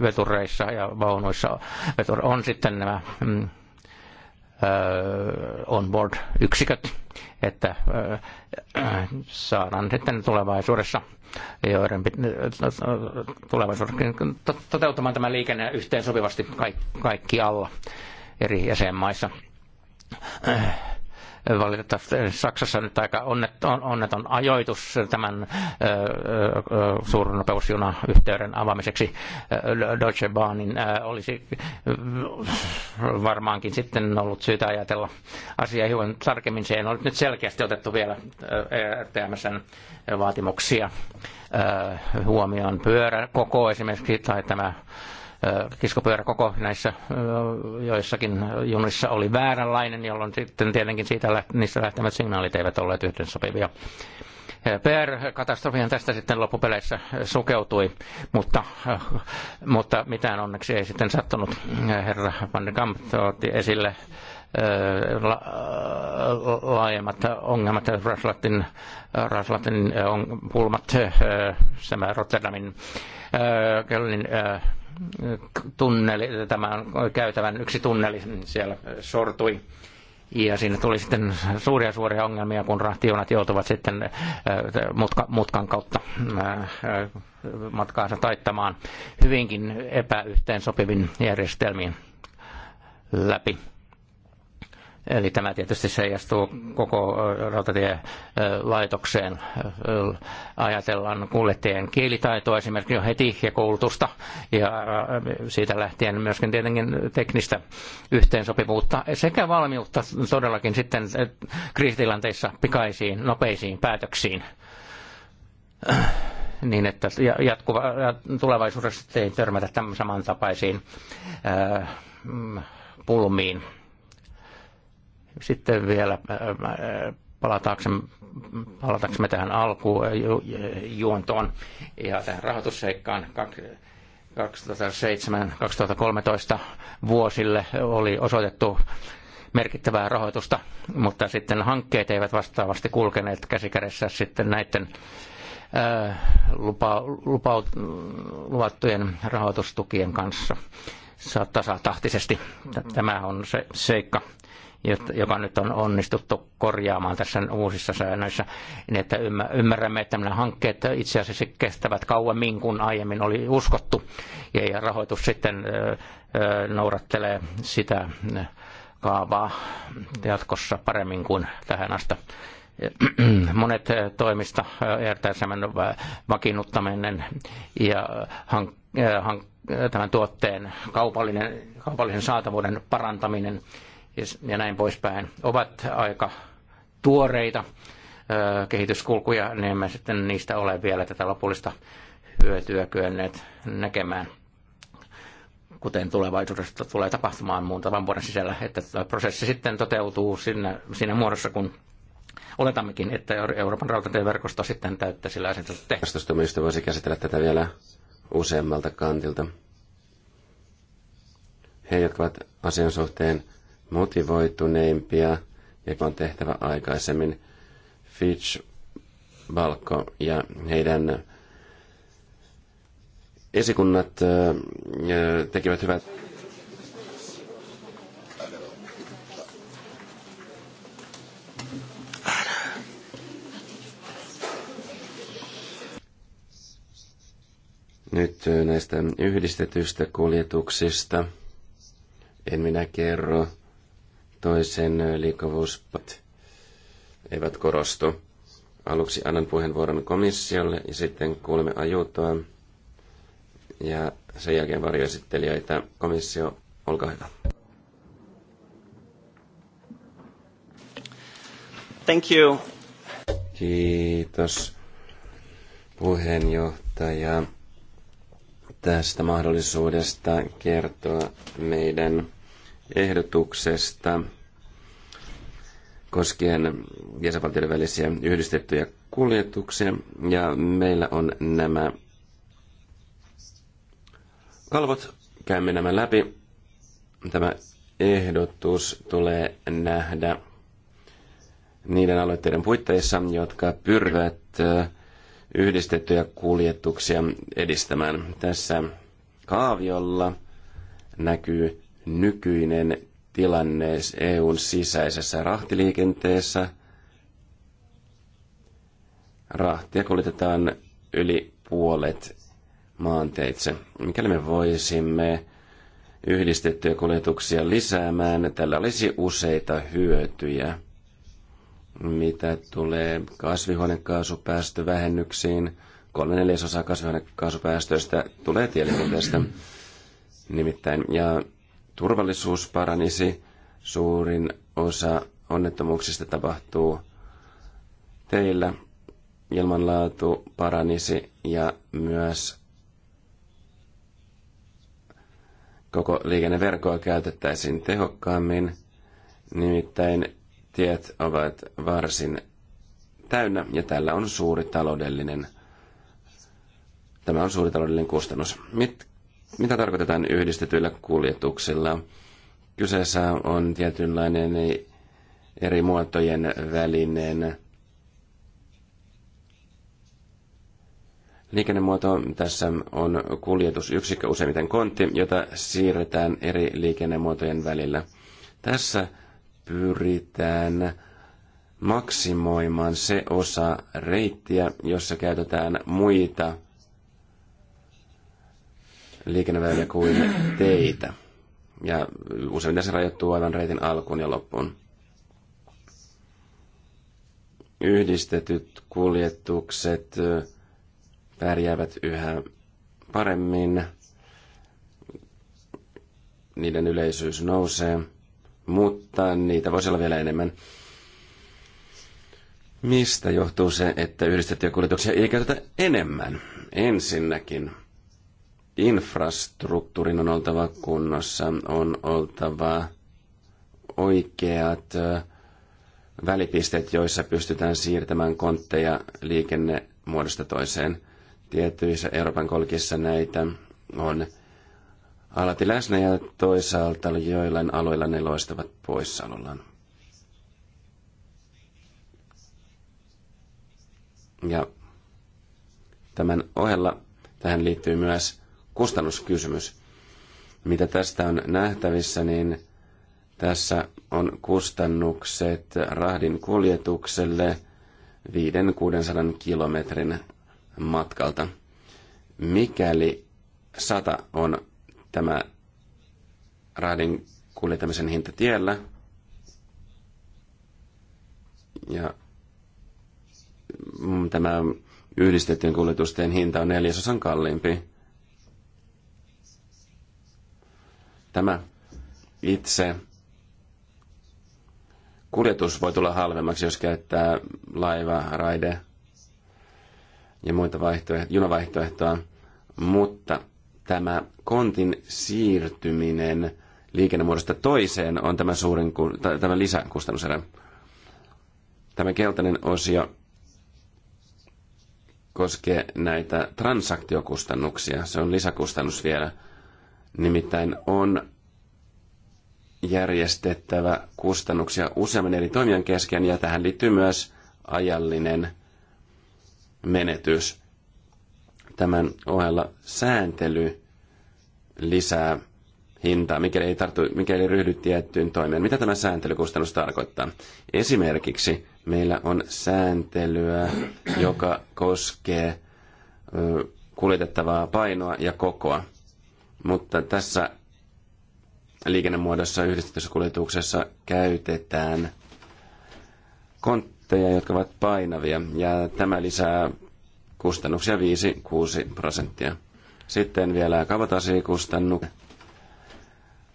vetureissa ja vaunuissa on sitten nämä mm, onboard-yksiköt, että äh, saadaan sitten tulevaisuudessa joiden tulevaisuudessa toteuttamaan tämä liikenne yhteen sopivasti kaikki alla eri jäsenmaissa äh, Valitettavasti Saksassa nyt aika onneton, onneton ajoitus tämän peusjuna-yhteyden avaamiseksi Deutsche Bahnin olisi varmaankin sitten ollut syytä ajatella asiaa hiukan tarkemmin. Se ei ole nyt selkeästi otettu vielä e RTMSn vaatimuksia huomioon. koko esimerkiksi tai tämä kiskopyörä koko näissä joissakin junissa oli vääränlainen, jolloin sitten tietenkin siitä niistä lähtemät signaalit eivät olleet sopivia. PR-katastrofihan tästä sitten loppupeleissä sukeutui, mutta, mutta mitään onneksi ei sitten sattunut. Herra Van de Kamp otti esille la, laajemmat ongelmat, Raslatin, Raslatin on, pulmat, tämä Rotterdamin Kölnin tunneli, tämän käytävän yksi tunneli siellä sortui. Ja siinä tuli sitten suuria suuria ongelmia, kun rahtiunat joutuvat sitten mutka, mutkan kautta matkaansa taittamaan hyvinkin sopivin järjestelmiin läpi. Eli tämä tietysti seijastuu koko rautatielaitokseen. Ajatellaan kuljettajien kielitaitoa esimerkiksi jo heti ja koulutusta ja siitä lähtien myöskin tietenkin teknistä yhteensopivuutta sekä valmiutta todellakin sitten kriisitilanteissa pikaisiin, nopeisiin päätöksiin niin, että jatkuva, tulevaisuudessa ei törmätä tämän samantapaisiin mm, pulmiin. Sitten vielä äh, äh, palataanko me tähän alkujuontoon äh, ja tähän rahoitusseikkaan 2007-2013 vuosille oli osoitettu merkittävää rahoitusta, mutta sitten hankkeet eivät vastaavasti kulkeneet käsikädessä sitten näiden lupa, lupa, luvattujen rahoitustukien kanssa tasatahtisesti. Tämä on se seikka joka nyt on onnistuttu korjaamaan tässä uusissa säännöissä, niin että ymmärrämme, että nämä hankkeet itse asiassa kestävät kauemmin kuin aiemmin oli uskottu, ja rahoitus sitten noudattelee sitä kaavaa jatkossa paremmin kuin tähän asti monet toimista ERTSMn vakiinnuttaminen ja tämän tuotteen kaupallinen, kaupallisen saatavuuden parantaminen ja näin poispäin, ovat aika tuoreita kehityskulkuja, niin emme sitten niistä ole vielä tätä lopullista hyötyä kyenneet näkemään kuten tulevaisuudessa tulee tapahtumaan muutaman vuoden sisällä, että prosessi sitten toteutuu siinä, siinä muodossa, kun oletammekin, että Euroopan rautatieverkosto sitten täyttää sillä asetetut tehtävät. voisi käsitellä tätä vielä useammalta kantilta. He, jotka ovat asian suhteen motivoituneimpia ja on tehtävä aikaisemmin. Fitch, Balko ja heidän esikunnat tekivät hyvät Nyt näistä yhdistetyistä kuljetuksista en minä kerro toisen liikkuvuus eivät korostu. Aluksi annan puheenvuoron komissiolle ja sitten kuulemme ajuutoa ja sen jälkeen varjoesittelijöitä. Komissio, olkaa hyvä. Thank you. Kiitos puheenjohtaja tästä mahdollisuudesta kertoa meidän ehdotuksesta koskien jäsenvaltioiden välisiä yhdistettyjä kuljetuksia. Ja meillä on nämä kalvot. Käymme nämä läpi. Tämä ehdotus tulee nähdä niiden aloitteiden puitteissa, jotka pyrvät yhdistettyjä kuljetuksia edistämään. Tässä kaaviolla näkyy nykyinen tilanne EUn sisäisessä rahtiliikenteessä. Rahtia kuljetetaan yli puolet maanteitse. Mikäli me voisimme yhdistettyjä kuljetuksia lisäämään, tällä olisi useita hyötyjä. Mitä tulee kasvihuonekaasupäästövähennyksiin, kolme neljäsosaa kasvihuonekaasupäästöistä tulee tieliikenteestä nimittäin. Ja turvallisuus paranisi. Suurin osa onnettomuuksista tapahtuu teillä. Ilmanlaatu paranisi ja myös koko liikenneverkoa käytettäisiin tehokkaammin. Nimittäin tiet ovat varsin täynnä ja tällä on suuri taloudellinen Tämä on suuri taloudellinen kustannus. Mit, mitä tarkoitetaan yhdistetyillä kuljetuksilla? Kyseessä on tietynlainen eri muotojen välinen Liikennemuoto tässä on kuljetusyksikkö, useimmiten kontti, jota siirretään eri liikennemuotojen välillä. Tässä pyritään maksimoimaan se osa reittiä, jossa käytetään muita liikenneväyliä kuin teitä. Ja useimmiten se rajoittuu aivan reitin alkuun ja loppuun. Yhdistetyt kuljetukset pärjäävät yhä paremmin. Niiden yleisyys nousee, mutta niitä voisi olla vielä enemmän. Mistä johtuu se, että yhdistettyjä kuljetuksia ei käytetä enemmän? Ensinnäkin infrastruktuurin on oltava kunnossa, on oltava oikeat välipisteet, joissa pystytään siirtämään kontteja liikennemuodosta toiseen. Tietyissä Euroopan kolkissa näitä on alati läsnä ja toisaalta joillain aloilla ne loistavat poissaolollaan. Ja tämän ohella tähän liittyy myös kustannuskysymys. Mitä tästä on nähtävissä, niin tässä on kustannukset rahdin kuljetukselle 5-600 kilometrin matkalta. Mikäli 100 on tämä rahdin kuljetamisen hinta tiellä, ja tämä yhdistettyjen kuljetusten hinta on neljäsosan kalliimpi, Tämä itse kuljetus voi tulla halvemmaksi, jos käyttää laiva, raide ja muita vaihtoehtoja, junavaihtoehtoa, mutta tämä kontin siirtyminen liikennemuodosta toiseen on tämä, suurin, tämä lisäkustannuserä. Tämä keltainen osio koskee näitä transaktiokustannuksia. Se on lisäkustannus vielä – Nimittäin on järjestettävä kustannuksia useamman eri toimijan kesken ja tähän liittyy myös ajallinen menetys. Tämän ohella sääntely lisää hintaa, mikäli ei, tartu, mikäli ei ryhdy tiettyyn toimeen. Mitä tämä sääntelykustannus tarkoittaa? Esimerkiksi meillä on sääntelyä, joka koskee kuljetettavaa painoa ja kokoa. Mutta tässä liikennemuodossa yhdistetyssä kuljetuksessa käytetään kontteja, jotka ovat painavia, ja tämä lisää kustannuksia 5-6 prosenttia. Sitten vielä kavotasikustannukset.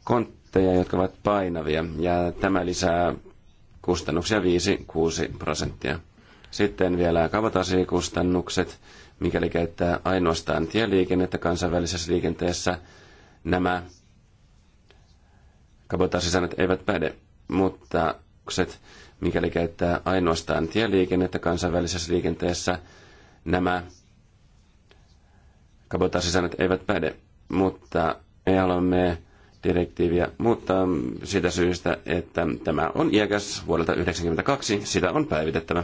Kontteja, jotka ovat painavia, ja tämä lisää kustannuksia 5-6 prosenttia. Sitten vielä kavotasikustannukset. kustannukset mikäli käyttää ainoastaan tieliikennettä kansainvälisessä liikenteessä, nämä kabotaasisäännöt eivät päde, mutta mikäli käyttää ainoastaan tieliikennettä kansainvälisessä liikenteessä, nämä kabotaasisäännöt eivät päde, mutta me haluamme direktiiviä mutta sitä syystä, että tämä on iäkäs vuodelta 1992, sitä on päivitettävä.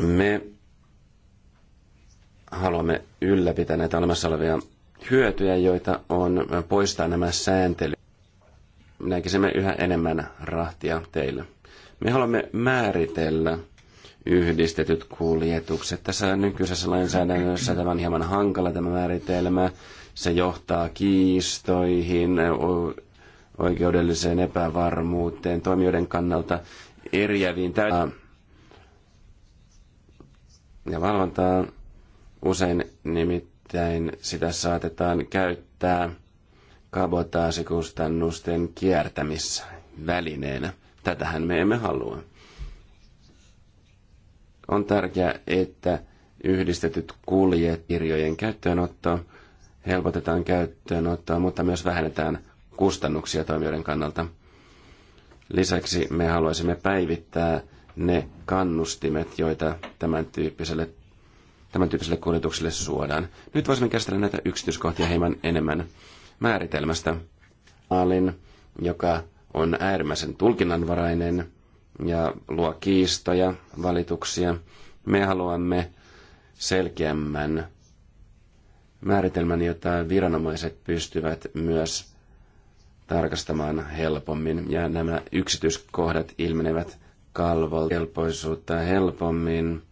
Me haluamme ylläpitää näitä olemassa olevia hyötyjä, joita on poistaa nämä sääntely. Näkisimme yhä enemmän rahtia teille. Me haluamme määritellä yhdistetyt kuljetukset. Tässä nykyisessä lainsäädännössä tämä on hieman hankala tämä määritelmä. Se johtaa kiistoihin, oikeudelliseen epävarmuuteen, toimijoiden kannalta eriäviin täysin ja valvontaa. Usein nimittäin sitä saatetaan käyttää kabotaasikustannusten kiertämissä välineenä. Tätähän me emme halua. On tärkeää, että yhdistetyt kuljetkirjojen käyttöönotto helpotetaan käyttöönottoa, mutta myös vähennetään kustannuksia toimijoiden kannalta. Lisäksi me haluaisimme päivittää ne kannustimet, joita tämän tyyppiselle, tämän tyyppiselle kuljetukselle suodaan. Nyt voisimme käsitellä näitä yksityiskohtia hieman enemmän määritelmästä. Alin, joka on äärimmäisen tulkinnanvarainen ja luo kiistoja, valituksia. Me haluamme selkeämmän määritelmän, jota viranomaiset pystyvät myös tarkastamaan helpommin. Ja nämä yksityiskohdat ilmenevät kalvokelpoisuutta helpommin.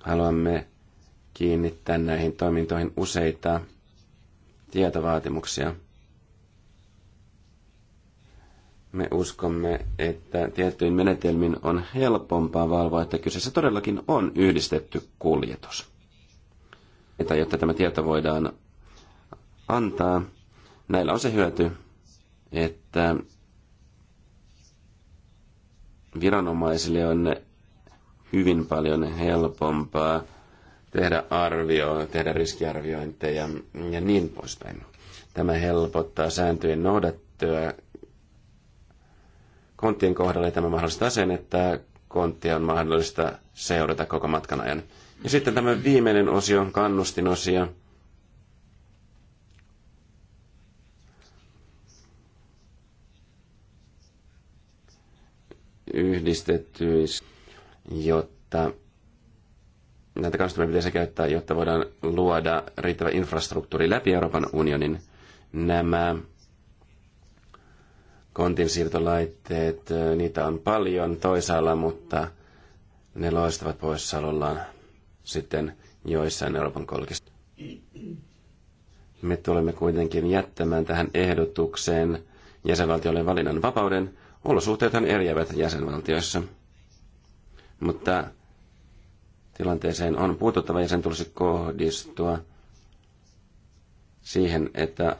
Haluamme kiinnittää näihin toimintoihin useita tietovaatimuksia. Me uskomme, että tiettyyn menetelmin on helpompaa valvoa, että kyseessä todellakin on yhdistetty kuljetus. Että jotta tämä tieto voidaan antaa, näillä on se hyöty, että viranomaisille on hyvin paljon helpompaa tehdä arvio, tehdä riskiarviointeja ja niin poispäin. Tämä helpottaa sääntöjen noudattua konttien kohdalla tämä mahdollistaa sen, että konttia on mahdollista seurata koko matkan ajan. Ja sitten tämä viimeinen osio, kannustinosio. yhdistettyisi, jotta näitä kannustimia pitäisi käyttää, jotta voidaan luoda riittävä infrastruktuuri läpi Euroopan unionin. Nämä kontinsiirtolaitteet, niitä on paljon toisaalla, mutta ne loistavat poissaolollaan sitten joissain Euroopan kolkista. Me tulemme kuitenkin jättämään tähän ehdotukseen jäsenvaltiolle valinnan vapauden, Olosuhteethan on eriävät jäsenvaltioissa, mutta tilanteeseen on puututtava ja sen tulisi kohdistua siihen, että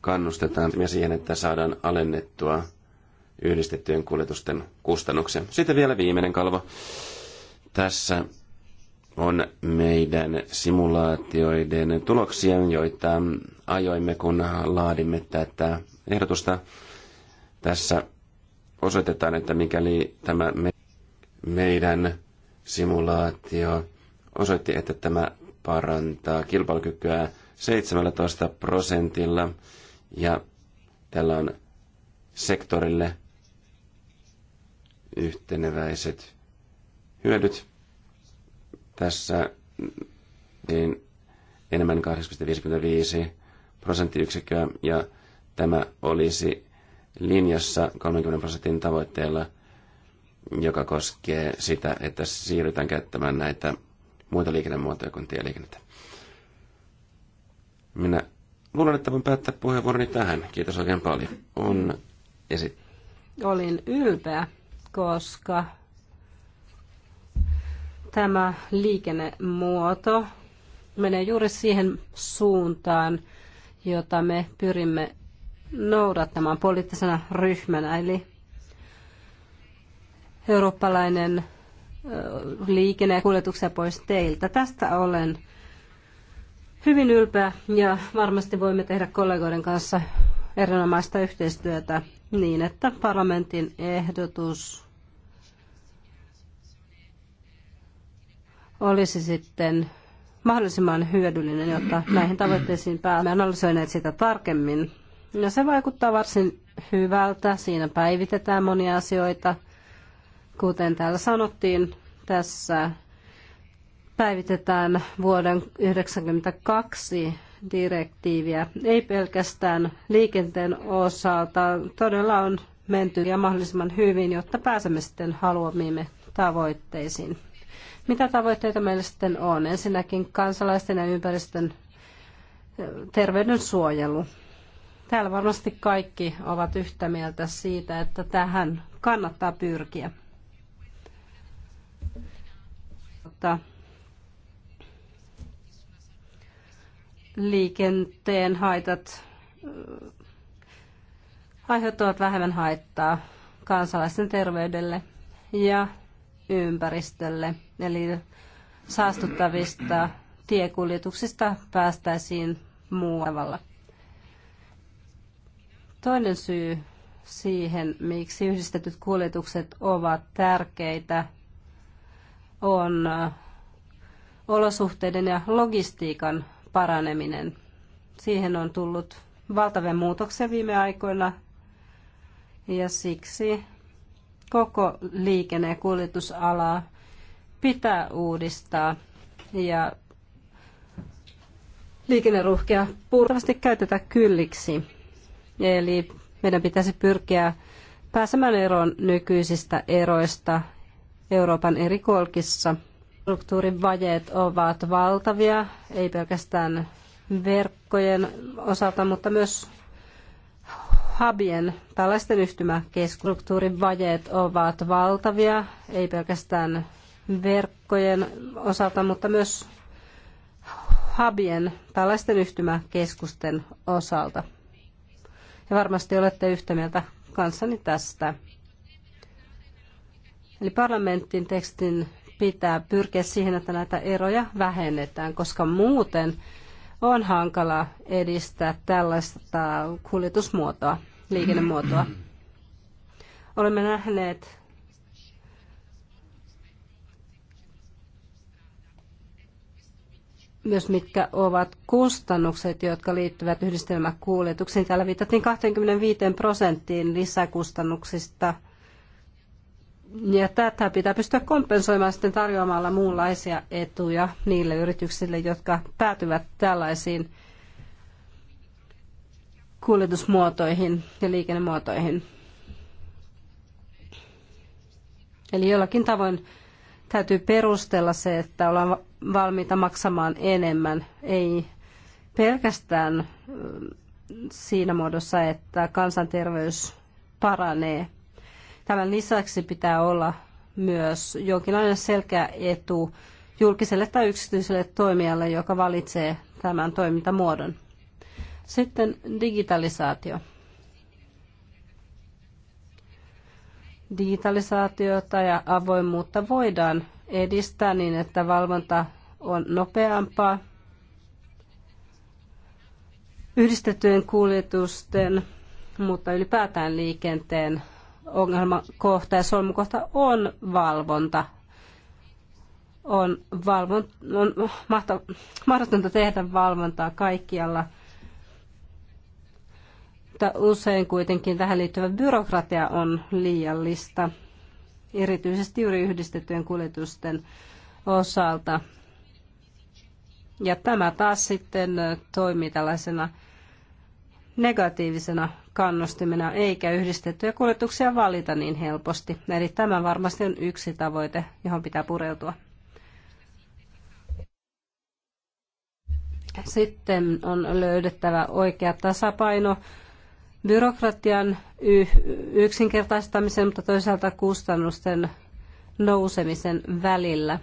kannustetaan ja siihen, että saadaan alennettua yhdistettyjen kuljetusten kustannuksia. Sitten vielä viimeinen kalvo. Tässä on meidän simulaatioiden tuloksia, joita ajoimme, kun laadimme tätä ehdotusta. Tässä osoitetaan, että mikäli tämä me, meidän simulaatio osoitti, että tämä parantaa kilpailukykyä 17 prosentilla ja tällä on sektorille yhteneväiset hyödyt. Tässä niin enemmän 8,55 prosenttiyksikköä ja tämä olisi linjassa 30 prosentin tavoitteella, joka koskee sitä, että siirrytään käyttämään näitä muita liikennemuotoja kuin tieliikennettä. Minä luulen, että voin päättää puheenvuoroni tähän. Kiitos oikein paljon. On esi- Olin ylpeä, koska tämä liikennemuoto menee juuri siihen suuntaan, jota me pyrimme noudattamaan poliittisena ryhmänä. Eli eurooppalainen liikenne ja kuljetuksia pois teiltä. Tästä olen hyvin ylpeä ja varmasti voimme tehdä kollegoiden kanssa erinomaista yhteistyötä niin, että parlamentin ehdotus olisi sitten mahdollisimman hyödyllinen, jotta näihin tavoitteisiin päämme analysoineet sitä tarkemmin. No se vaikuttaa varsin hyvältä. Siinä päivitetään monia asioita. Kuten täällä sanottiin, tässä päivitetään vuoden 1992 direktiiviä. Ei pelkästään liikenteen osalta. Todella on menty ja mahdollisimman hyvin, jotta pääsemme sitten haluamiimme tavoitteisiin. Mitä tavoitteita meillä sitten on? Ensinnäkin kansalaisten ja ympäristön eh, terveyden suojelu. Täällä varmasti kaikki ovat yhtä mieltä siitä, että tähän kannattaa pyrkiä. Mutta liikenteen haitat äh, aiheuttavat vähemmän haittaa kansalaisten terveydelle ja ympäristölle. Eli saastuttavista tiekuljetuksista päästäisiin muualla. Toinen syy siihen, miksi yhdistetyt kuljetukset ovat tärkeitä, on äh, olosuhteiden ja logistiikan paraneminen. Siihen on tullut valtavia muutoksia viime aikoina ja siksi koko liikenne- ja kuljetusalaa pitää uudistaa ja liikenneruhkia purvasti käytetä kylliksi. Eli meidän pitäisi pyrkiä pääsemään eroon nykyisistä eroista Euroopan eri kolkissa. Struktuurin vajeet ovat valtavia, ei pelkästään verkkojen osalta, mutta myös hubien, tällaisten yhtymäkeskustruktuurin vajeet ovat valtavia, ei pelkästään verkkojen osalta, mutta myös hubien, tällaisten yhtymäkeskusten osalta ja varmasti olette yhtä mieltä kanssani tästä. Eli parlamentin tekstin pitää pyrkiä siihen, että näitä eroja vähennetään, koska muuten on hankala edistää tällaista kuljetusmuotoa, liikennemuotoa. Olemme nähneet myös mitkä ovat kustannukset, jotka liittyvät yhdistelmäkuljetuksiin. Täällä viitattiin 25 prosenttiin lisäkustannuksista. Ja tätä pitää pystyä kompensoimaan sitten tarjoamalla muunlaisia etuja niille yrityksille, jotka päätyvät tällaisiin kuljetusmuotoihin ja liikennemuotoihin. Eli jollakin tavoin täytyy perustella se, että ollaan valmiita maksamaan enemmän, ei pelkästään siinä muodossa, että kansanterveys paranee. Tämän lisäksi pitää olla myös jonkinlainen selkeä etu julkiselle tai yksityiselle toimijalle, joka valitsee tämän toimintamuodon. Sitten digitalisaatio. Digitalisaatiota ja avoimuutta voidaan edistää niin, että valvonta on nopeampaa. Yhdistettyjen kuljetusten, mutta ylipäätään liikenteen ongelmakohta ja solmukohta on valvonta. On, valvon, on mahto, mahdotonta tehdä valvontaa kaikkialla, mutta usein kuitenkin tähän liittyvä byrokratia on liiallista, erityisesti juuri yhdistettyjen kuljetusten osalta. Ja tämä taas sitten toimii tällaisena negatiivisena kannustimena, eikä yhdistettyjä kuljetuksia valita niin helposti. Eli tämä varmasti on yksi tavoite, johon pitää pureutua. Sitten on löydettävä oikea tasapaino byrokratian yksinkertaistamisen, mutta toisaalta kustannusten nousemisen välillä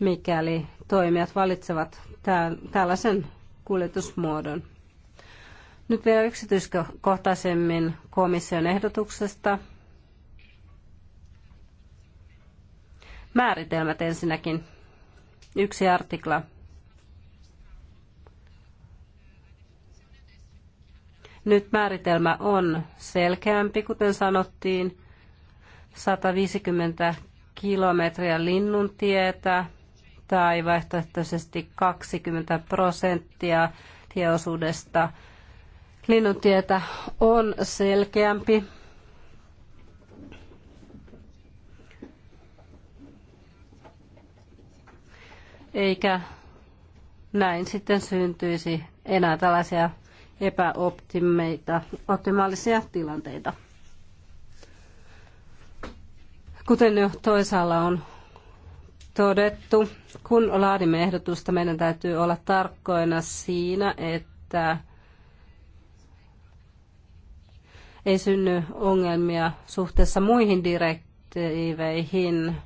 mikäli toimijat valitsevat tällaisen kuljetusmuodon. Nyt vielä yksityiskohtaisemmin komission ehdotuksesta. Määritelmät ensinnäkin. Yksi artikla. Nyt määritelmä on selkeämpi, kuten sanottiin. 150 kilometriä linnuntietä, tai vaihtoehtoisesti 20 prosenttia tieosuudesta. Linnuntietä on selkeämpi. Eikä näin sitten syntyisi enää tällaisia epäoptimeita, optimaalisia tilanteita. Kuten jo toisaalla on todettu, kun laadimme ehdotusta, meidän täytyy olla tarkkoina siinä, että ei synny ongelmia suhteessa muihin direktiiveihin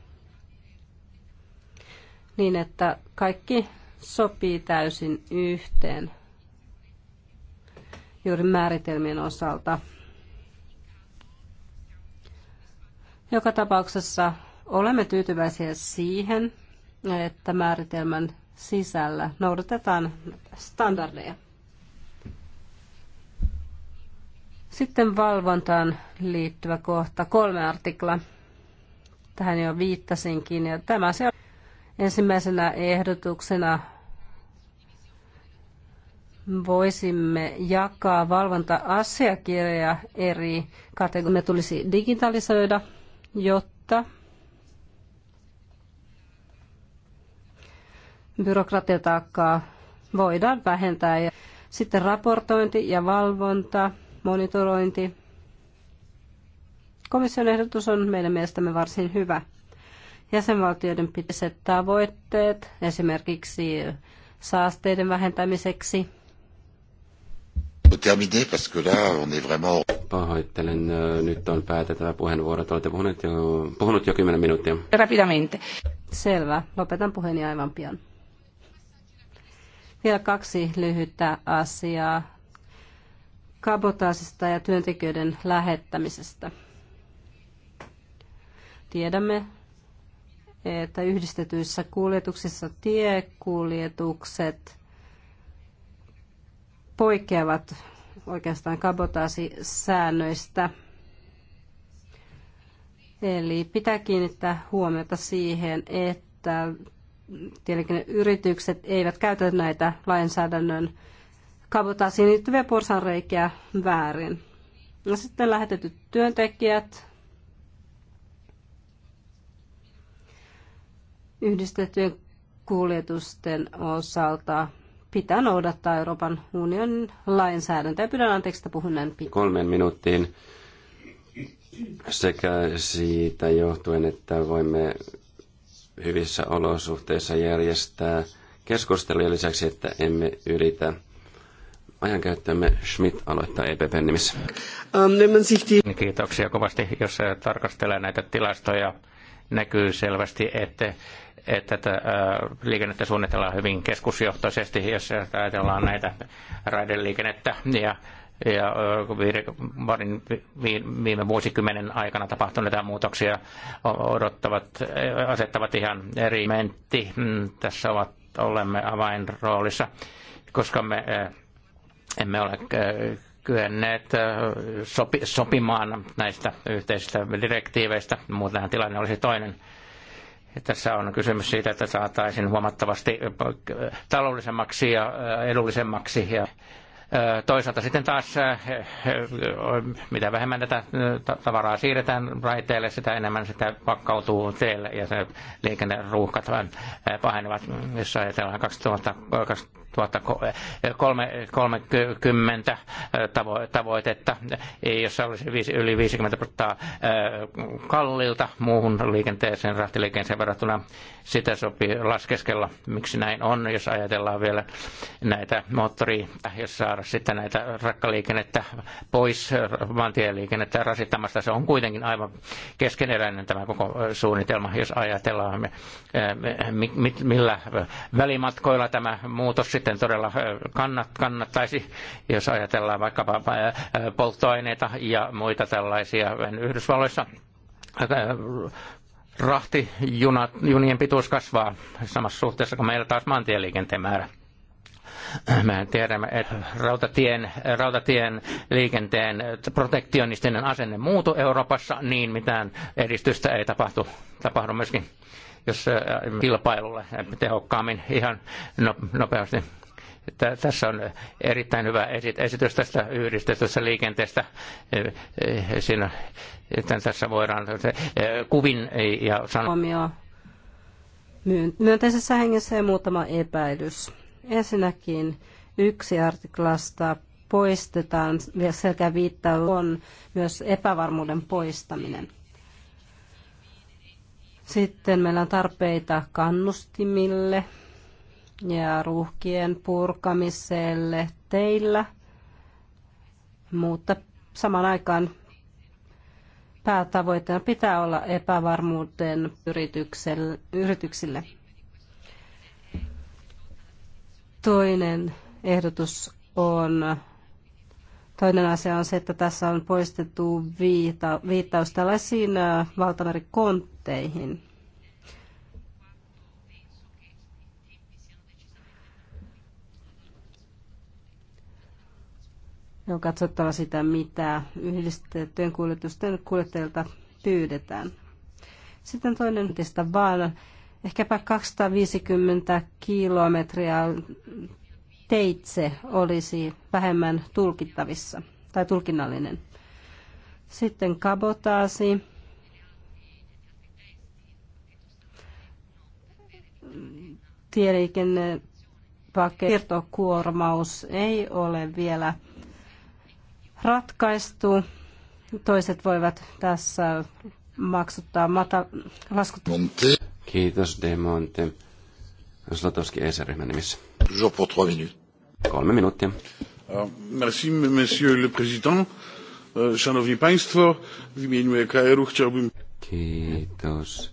niin, että kaikki sopii täysin yhteen juuri määritelmien osalta. Joka tapauksessa Olemme tyytyväisiä siihen, että määritelmän sisällä noudatetaan standardeja. Sitten valvontaan liittyvä kohta, kolme artikla. Tähän jo viittasinkin. Ja tämä se on ensimmäisenä ehdotuksena voisimme jakaa valvonta-asiakirjoja eri kategorioihin. Me tulisi digitalisoida, jotta byrokratiataakkaa voidaan vähentää. Ja sitten raportointi ja valvonta, monitorointi. Komission ehdotus on meidän mielestämme varsin hyvä. Jäsenvaltioiden pitäisi tavoitteet, esimerkiksi saasteiden vähentämiseksi. Pahoittelen, nyt on päätettävä puheenvuoro. Olette puhunut jo, puhunut jo 10 minuuttia. Rapidamente. Selvä, lopetan puheeni aivan pian. Vielä kaksi lyhyttä asiaa kabotaasista ja työntekijöiden lähettämisestä. Tiedämme, että yhdistetyissä kuljetuksissa tiekuljetukset poikkeavat oikeastaan kabotaasisäännöistä. Eli pitää kiinnittää huomiota siihen, että tietenkin yritykset eivät käytä näitä lainsäädännön kabotaasiin liittyviä porsanreikiä väärin. No sitten lähetetyt työntekijät, yhdistettyjen kuljetusten osalta pitää noudattaa Euroopan unionin lainsäädäntöä. Pyydän anteeksi, että puhun näin pitkään. Kolmen minuuttiin sekä siitä johtuen, että voimme hyvissä olosuhteissa järjestää keskusteluja lisäksi, että emme ylitä käyttämme Schmidt aloittaa EPPn nimissä. Ähm, niin, kiitoksia kovasti. Jos äh, tarkastelee näitä tilastoja, näkyy selvästi, että että tätä äh, liikennettä suunnitellaan hyvin keskusjohtoisesti, jos ajatellaan näitä raideliikennettä ja ja viime vuosikymmenen aikana tapahtuneita muutoksia odottavat, asettavat ihan eri mentti. Mm, tässä ovat, olemme avainroolissa, koska me emme ole kyenneet sopi, sopimaan näistä yhteisistä direktiiveistä. Muutenhan tilanne olisi toinen. Tässä on kysymys siitä, että saataisiin huomattavasti taloudellisemmaksi ja edullisemmaksi ja Toisaalta sitten taas, mitä vähemmän tätä tavaraa siirretään raiteille, sitä enemmän sitä pakkautuu teille ja se liikenneruuhkat pahenevat, jos ajatellaan 2000, 2030 tavoitetta, jossa olisi yli 50 prosenttia kalliilta muuhun liikenteeseen, rahtiliikenteeseen verrattuna. Sitä sopii laskeskella, miksi näin on, jos ajatellaan vielä näitä moottoria, jos saada sitten näitä rakkaliikennettä pois, maantieliikennettä rasittamasta. Se on kuitenkin aivan keskeneräinen tämä koko suunnitelma, jos ajatellaan, millä välimatkoilla tämä muutos sitten todella kannattaisi, jos ajatellaan vaikkapa polttoaineita ja muita tällaisia Yhdysvalloissa junien pituus kasvaa samassa suhteessa kuin meillä taas maantieliikenteen määrä. Me tiedämme, että rautatien, rautatien liikenteen protektionistinen asenne muutu Euroopassa, niin mitään edistystä ei tapahtu, tapahdu myöskin jos äh, kilpailulle tehokkaammin ihan no-, nopeasti. Tässä on erittäin hyvä esitys tästä yhdistetystä liikenteestä. Äh, äh, siinä, tässä voidaan kuvin ja sanoa. myönteisessä hengessä ja muutama epäilys. Ensinnäkin yksi artiklasta poistetaan selkä viittaus on myös epävarmuuden poistaminen. Sitten meillä on tarpeita kannustimille ja ruuhkien purkamiselle teillä, mutta saman aikaan päätavoitteena pitää olla epävarmuuden yrityksille. Toinen ehdotus on Toinen asia on se, että tässä on poistettu viita, viittaus tällaisiin äh, valtamerikontteihin. On katsottava sitä, mitä yhdistettyjen kuljetusten kuljettajilta pyydetään. Sitten toinen tästä vaan ehkäpä 250 kilometriä teitse olisi vähemmän tulkittavissa tai tulkinnallinen. Sitten kabotaasi. Tieliikenne siirtokuormaus ei ole vielä ratkaistu. Toiset voivat tässä maksuttaa mata, laskut. Kiitos, Demonte. Slotowski ESR-ryhmän nimissä. Toujours pour trois minutes. Kolme minuuttia. Merci, monsieur le président. Szanowni państwo, w imieniu EKR-u chciałbym... Kiitos,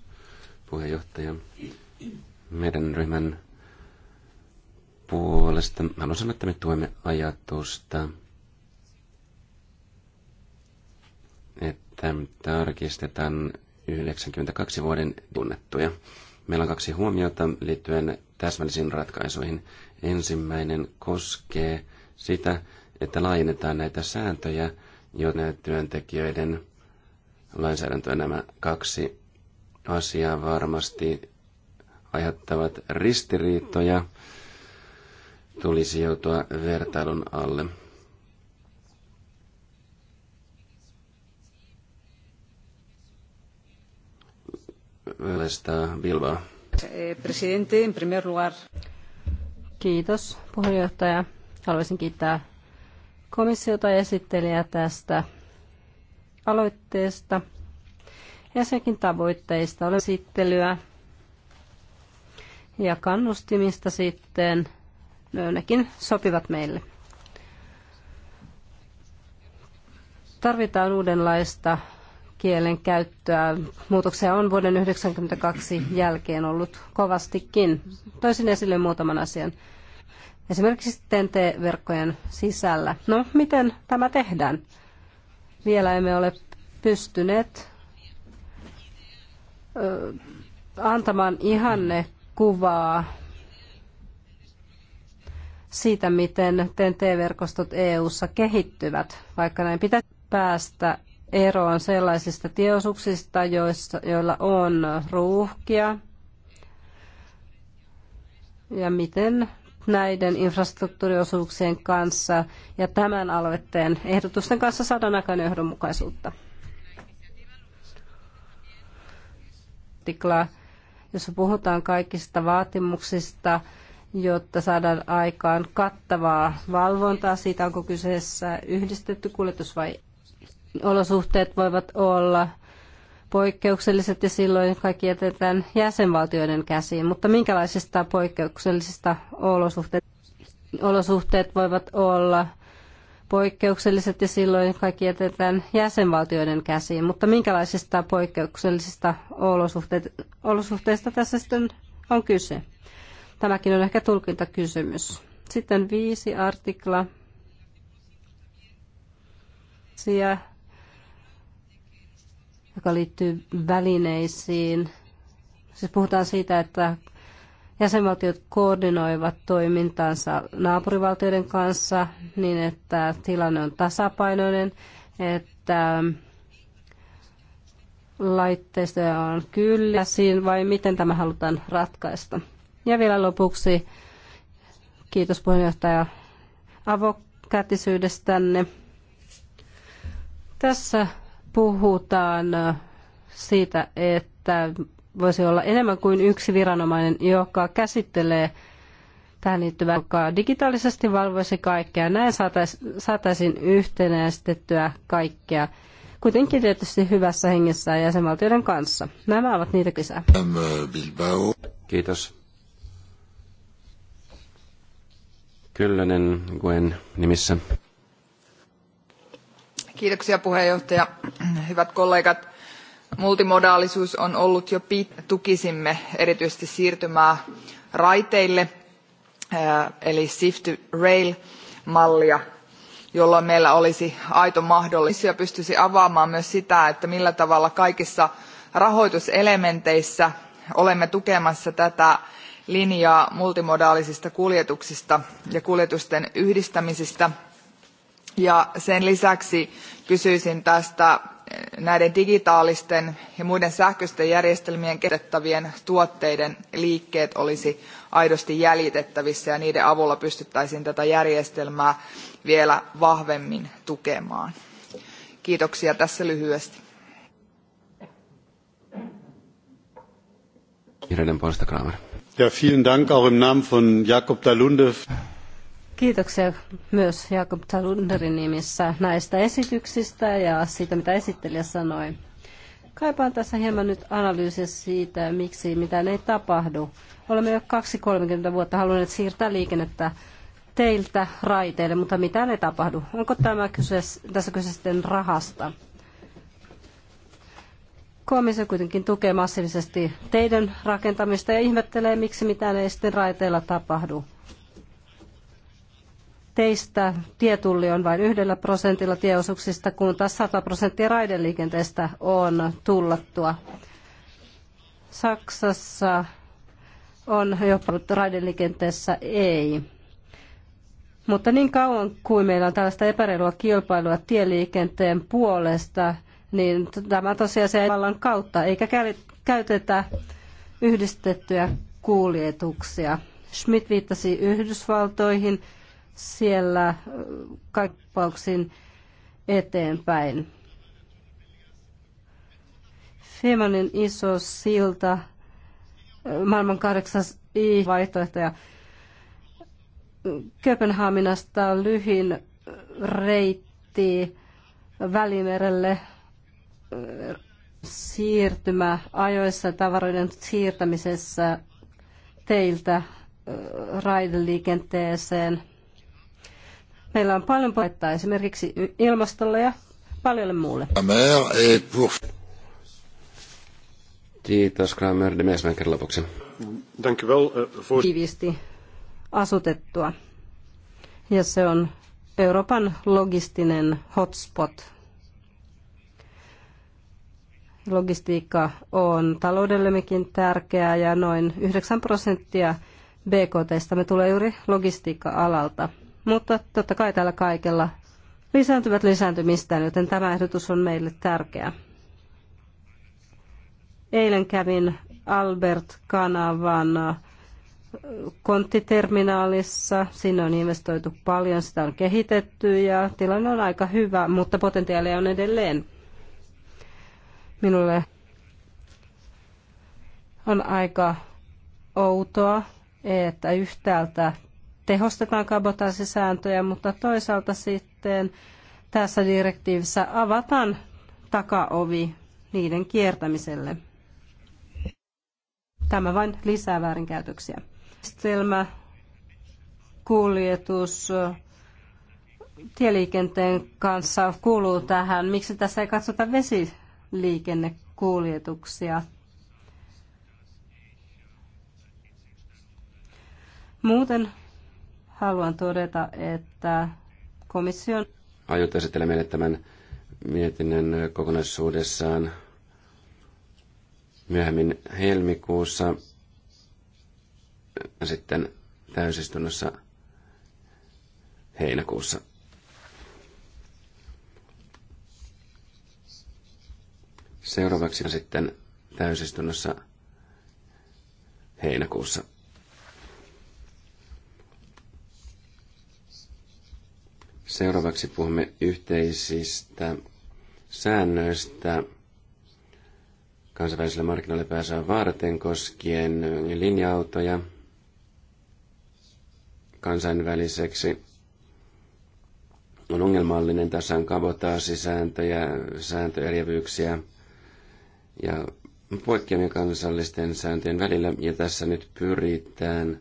puheenjohtaja. Meidän ryhmän puolesta haluan sanoa, että me tuemme ajatusta, että tarkistetaan 92 vuoden tunnettuja. Meillä on kaksi huomiota liittyen täsmällisiin ratkaisuihin. Ensimmäinen koskee sitä, että laajennetaan näitä sääntöjä, joita työntekijöiden lainsäädäntöä nämä kaksi asiaa varmasti aiheuttavat ristiriitoja, tulisi joutua vertailun alle. Bilbao. Presidente, en primer lugar. Kiitos puheenjohtaja. Haluaisin kiittää komissiota ja esittelijää tästä aloitteesta ja senkin tavoitteista. Olen esittelyä ja kannustimista sitten nekin sopivat meille. Tarvitaan uudenlaista kielen käyttöä. Muutoksia on vuoden 1992 jälkeen ollut kovastikin. Toisin esille muutaman asian. Esimerkiksi TNT-verkkojen sisällä. No, miten tämä tehdään? Vielä emme ole pystyneet ö, antamaan ihanne kuvaa siitä, miten TNT-verkostot EU-ssa kehittyvät, vaikka näin pitäisi päästä eroon sellaisista tieosuuksista, joissa, joilla on ruuhkia, ja miten näiden infrastruktuuriosuuksien kanssa ja tämän aloitteen ehdotusten kanssa saadaan aikaan johdonmukaisuutta. Tikla, jossa puhutaan kaikista vaatimuksista, jotta saadaan aikaan kattavaa valvontaa siitä, onko kyseessä yhdistetty kuljetus vai olosuhteet voivat olla poikkeukselliset ja silloin kaikki jätetään jäsenvaltioiden käsiin. Mutta minkälaisista poikkeuksellisista olosuhteet, olosuhteet voivat olla poikkeukselliset ja silloin kaikki jätetään jäsenvaltioiden käsiin. Mutta minkälaisista poikkeuksellisista olosuhteet, olosuhteista tässä sitten on kyse? Tämäkin on ehkä tulkintakysymys. Sitten viisi artikla. Siellä joka liittyy välineisiin. Siis puhutaan siitä, että jäsenvaltiot koordinoivat toimintansa naapurivaltioiden kanssa niin, että tilanne on tasapainoinen, että laitteistoja on kyllä siinä, vai miten tämä halutaan ratkaista. Ja vielä lopuksi kiitos puheenjohtaja avokätisyydestänne. Tässä puhutaan äh, siitä, että voisi olla enemmän kuin yksi viranomainen, joka käsittelee tähän liittyvää, joka digitaalisesti valvoisi kaikkea. Näin saataisiin yhtenäistettyä kaikkea, kuitenkin tietysti hyvässä hengessä jäsenvaltioiden kanssa. Nämä ovat niitä kysyä. Kiitos. Kyllönen Gwen nimissä. Kiitoksia puheenjohtaja. Hyvät kollegat, multimodaalisuus on ollut jo pitkään tukisimme erityisesti siirtymää raiteille eli Shift to Rail mallia, jolloin meillä olisi aito mahdollisuus ja pystyisi avaamaan myös sitä, että millä tavalla kaikissa rahoituselementeissä olemme tukemassa tätä linjaa multimodaalisista kuljetuksista ja kuljetusten yhdistämisistä – ja sen lisäksi kysyisin tästä eh, näiden digitaalisten ja muiden sähköisten järjestelmien käytettävien tuotteiden liikkeet olisi aidosti jäljitettävissä ja niiden avulla pystyttäisiin tätä järjestelmää vielä vahvemmin tukemaan. Kiitoksia tässä lyhyesti. Ja, vielen Dank auch im Namen von Jakob Dalunde. Kiitoksia myös Jakob Talunderin nimissä näistä esityksistä ja siitä, mitä esittelijä sanoi. Kaipaan tässä hieman nyt analyysiä siitä, miksi mitään ei tapahdu. Olemme jo 2-30 vuotta halunneet siirtää liikennettä teiltä raiteille, mutta mitään ei tapahdu. Onko tämä kyse, tässä kyse sitten rahasta? Komissio kuitenkin tukee massiivisesti teidän rakentamista ja ihmettelee, miksi mitään ei sitten raiteilla tapahdu teistä tietulli on vain yhdellä prosentilla tieosuuksista, kun taas 100 prosenttia raideliikenteestä on tullattua. Saksassa on jopa raideliikenteessä ei. Mutta niin kauan kuin meillä on tällaista epäreilua kilpailua tieliikenteen puolesta, niin tämä tosiasia ei vallan kautta, eikä käytetä yhdistettyjä kuljetuksia. Schmidt viittasi Yhdysvaltoihin siellä kaikkauksiin eteenpäin. Femanin iso silta, maailman kahdeksas i vaihtoehtoja Köpenhaminasta on lyhin reitti Välimerelle siirtymä ajoissa tavaroiden siirtämisessä teiltä raideliikenteeseen – Meillä on paljon paettaa esimerkiksi ilmastolle ja paljolle muulle. Kiitos, Kramer. Demesmäker lopuksi. Uh, Tiiviisti asutettua. Ja se on Euroopan logistinen hotspot. Logistiikka on taloudellemmekin tärkeää ja noin 9 prosenttia BKTstä me tulee juuri logistiikka-alalta. Mutta totta kai tällä kaikella lisääntyvät lisääntymistään, joten tämä ehdotus on meille tärkeä. Eilen kävin Albert-kanavan konttiterminaalissa. Sinne on investoitu paljon, sitä on kehitetty ja tilanne on aika hyvä, mutta potentiaalia on edelleen. Minulle on aika outoa, että yhtäältä tehostetaan kabotaasisääntöjä, mutta toisaalta sitten tässä direktiivissä avataan takaovi niiden kiertämiselle. Tämä vain lisää väärinkäytöksiä. Stelmä, kuljetus, tieliikenteen kanssa kuuluu tähän. Miksi tässä ei katsota vesiliikennekuljetuksia? Muuten haluan todeta, että komission... Aiot esitellä meille tämän mietinnön kokonaisuudessaan myöhemmin helmikuussa sitten täysistunnossa heinäkuussa. Seuraavaksi sitten täysistunnossa heinäkuussa. Seuraavaksi puhumme yhteisistä säännöistä kansainvälisellä markkinoille pääsyä varten koskien linja-autoja kansainväliseksi. On ongelmallinen, tässä on kabotaasisääntöjä, sääntöeriävyyksiä ja poikkeamia kansallisten sääntöjen välillä. Ja tässä nyt pyritään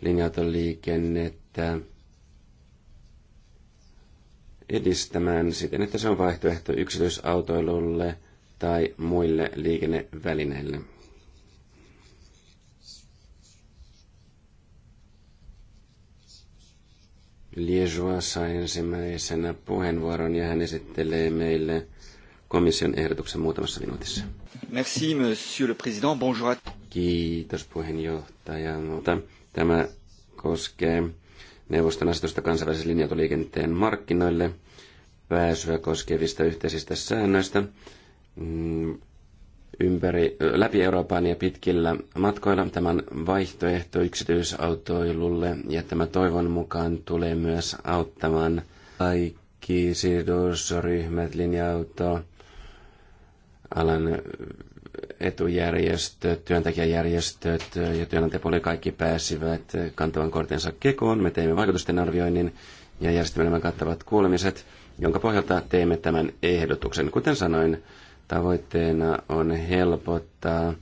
linja-autoliikennettä edistämään siten, että se on vaihtoehto yksityisautoilulle tai muille liikennevälineille. Liejoa sai ensimmäisenä puheenvuoron ja hän esittelee meille komission ehdotuksen muutamassa minuutissa. Merci, monsieur le président. Bonjour. Kiitos puheenjohtaja. Tämä koskee neuvoston asetusta kansainvälisen linja markkinoille pääsyä koskevista yhteisistä säännöistä mm, ympäri, läpi Euroopan ja pitkillä matkoilla. Tämän vaihtoehto yksityisautoilulle ja tämä toivon mukaan tulee myös auttamaan kaikki sidosryhmät, linja-auto, alan etujärjestöt, työntekijäjärjestöt ja työnantajapuoli kaikki pääsivät kantavan kortensa kekoon. Me teimme vaikutusten arvioinnin ja järjestimme nämä kattavat kuulemiset, jonka pohjalta teimme tämän ehdotuksen. Kuten sanoin, tavoitteena on helpottaa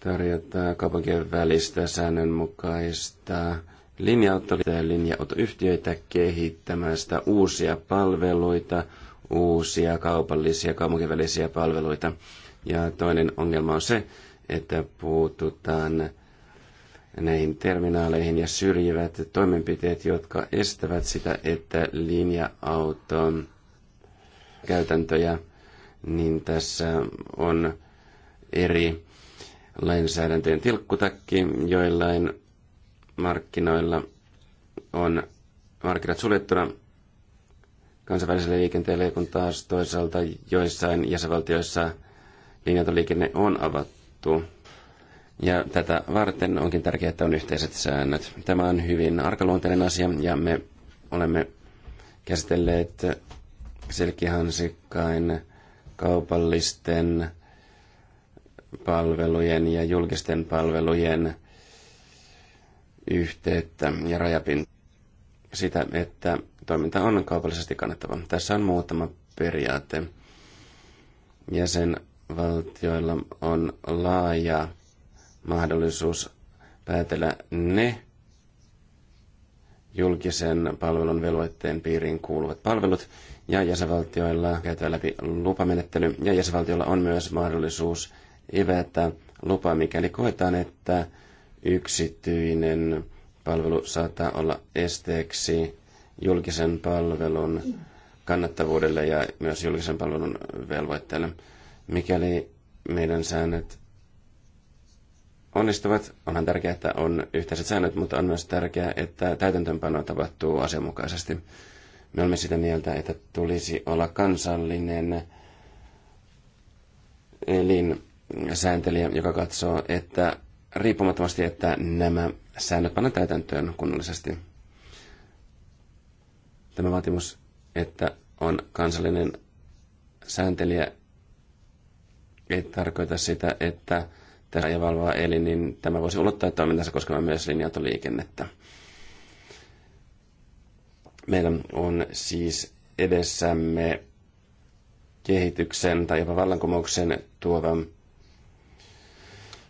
tarjota kaupunkien välistä säännönmukaista linja-autoyhtiöitä kehittämästä uusia palveluita – uusia kaupallisia kaupunkivälisiä palveluita. Ja toinen ongelma on se, että puututaan näihin terminaaleihin ja syrjivät toimenpiteet, jotka estävät sitä, että linja-auton käytäntöjä, niin tässä on eri lainsäädäntöjen tilkkutakki, joillain markkinoilla on markkinat suljettuna kansainväliselle liikenteelle, kun taas toisaalta joissain jäsenvaltioissa linjaton liikenne on avattu. Ja tätä varten onkin tärkeää, että on yhteiset säännöt. Tämä on hyvin arkaluonteinen asia ja me olemme käsitelleet selkihansikkain kaupallisten palvelujen ja julkisten palvelujen yhteyttä ja rajapin sitä, että toiminta on kaupallisesti kannattava. Tässä on muutama periaate. Jäsenvaltioilla on laaja mahdollisuus päätellä ne julkisen palvelun velvoitteen piiriin kuuluvat palvelut, ja jäsenvaltioilla käytetään läpi lupamenettely, ja jäsenvaltiolla on myös mahdollisuus evätä lupa, mikäli koetaan, että yksityinen palvelu saattaa olla esteeksi julkisen palvelun kannattavuudelle ja myös julkisen palvelun velvoitteelle. Mikäli meidän säännöt onnistuvat, onhan tärkeää, että on yhteiset säännöt, mutta on myös tärkeää, että täytäntöönpano tapahtuu asianmukaisesti. Me olemme sitä mieltä, että tulisi olla kansallinen elin sääntelijä, joka katsoo, että riippumattomasti, että nämä säännöt pannaan täytäntöön kunnollisesti. Tämä vaatimus, että on kansallinen sääntelijä, ei tarkoita sitä, että tässä ja valvoa eli, niin tämä voisi ulottaa toimintansa koskemaan myös linja liikennettä, Meillä on siis edessämme kehityksen tai jopa vallankumouksen tuovan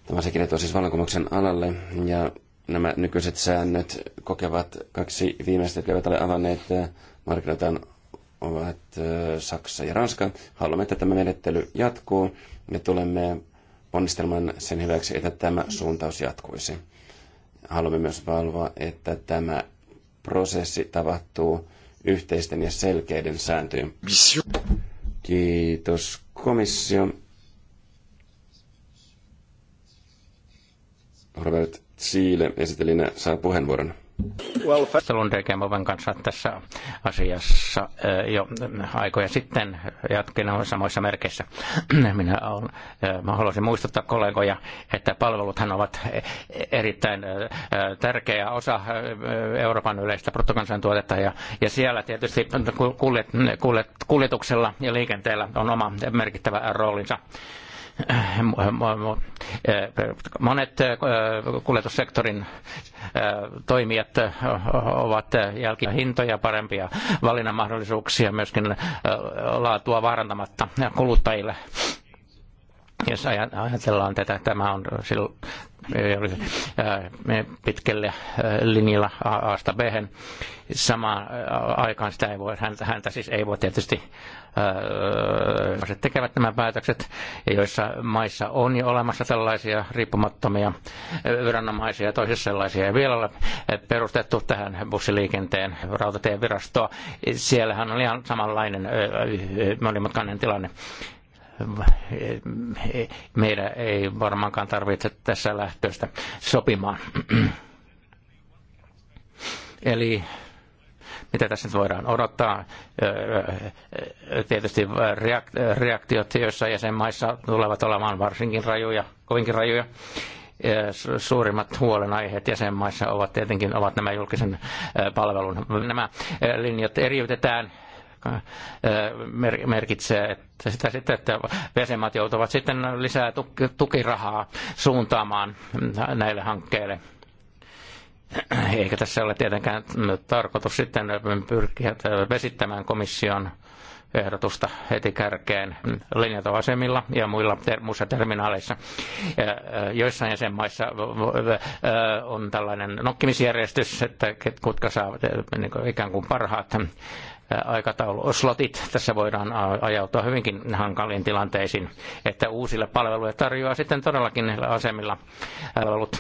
Tämä sekin on siis vallankumouksen alalle ja nämä nykyiset säännöt kokevat kaksi viimeistä, jotka eivät ole avanneet äh, markkinoitaan ovat äh, Saksa ja Ranska. Haluamme, että tämä menettely jatkuu ja tulemme ponnistelman sen hyväksi, että tämä suuntaus jatkuisi. Haluamme myös valvoa, että tämä prosessi tapahtuu yhteisten ja selkeiden sääntöjen. Kiitos komissio. Robert Siile esitelinä saa puheenvuoron. Keskustelun Degemoven kanssa tässä asiassa jo aikoja sitten jatkin samoissa merkeissä. Minä olen, mä haluaisin muistuttaa kollegoja, että palveluthan ovat e, erittäin tärkeä osa Euroopan yleistä bruttokansantuotetta ja, ja siellä tietysti kuljet, kuljet, kuljetuksella ja liikenteellä on oma merkittävä roolinsa. Monet äh, kuljetussektorin äh, toimijat äh, ovat jälkihintoja parempia valinnanmahdollisuuksia myöskin laatua vaarantamatta kuluttajille. Jos ajatellaan tätä, tämä on silloin pitkälle linjalla A-sta b Samaan aikaan sitä ei voi, häntä, häntä siis ei voi tietysti tekevät nämä päätökset, ja joissa maissa on jo olemassa tällaisia riippumattomia viranomaisia ja toisissa sellaisia. Ja vielä perustettu tähän bussiliikenteen rautatien virastoa. Siellähän on ihan samanlainen monimutkainen tilanne meidän ei varmaankaan tarvitse tässä lähtöstä sopimaan. Eli mitä tässä nyt voidaan odottaa. Tietysti reaktiot joissa jäsenmaissa tulevat olemaan varsinkin rajuja, kovinkin rajuja. Suurimmat huolenaiheet jäsenmaissa ovat tietenkin ovat nämä julkisen palvelun. Nämä linjat eriytetään merkitsee että sitä sitten, että jäsenmaat joutuvat sitten lisää tukirahaa suuntaamaan näille hankkeille. Eikä tässä ole tietenkään tarkoitus sitten pyrkiä vesittämään komission ehdotusta heti kärkeen linjatoasemilla ja muilla ter- muissa terminaaleissa. Joissain jäsenmaissa on tällainen nokkimisjärjestys, että ketkä saavat niin kuin ikään kuin parhaat aikatauluslotit. Tässä voidaan ajautua hyvinkin hankaliin tilanteisiin, että uusille palveluille tarjoaa sitten todellakin niillä asemilla palvelut,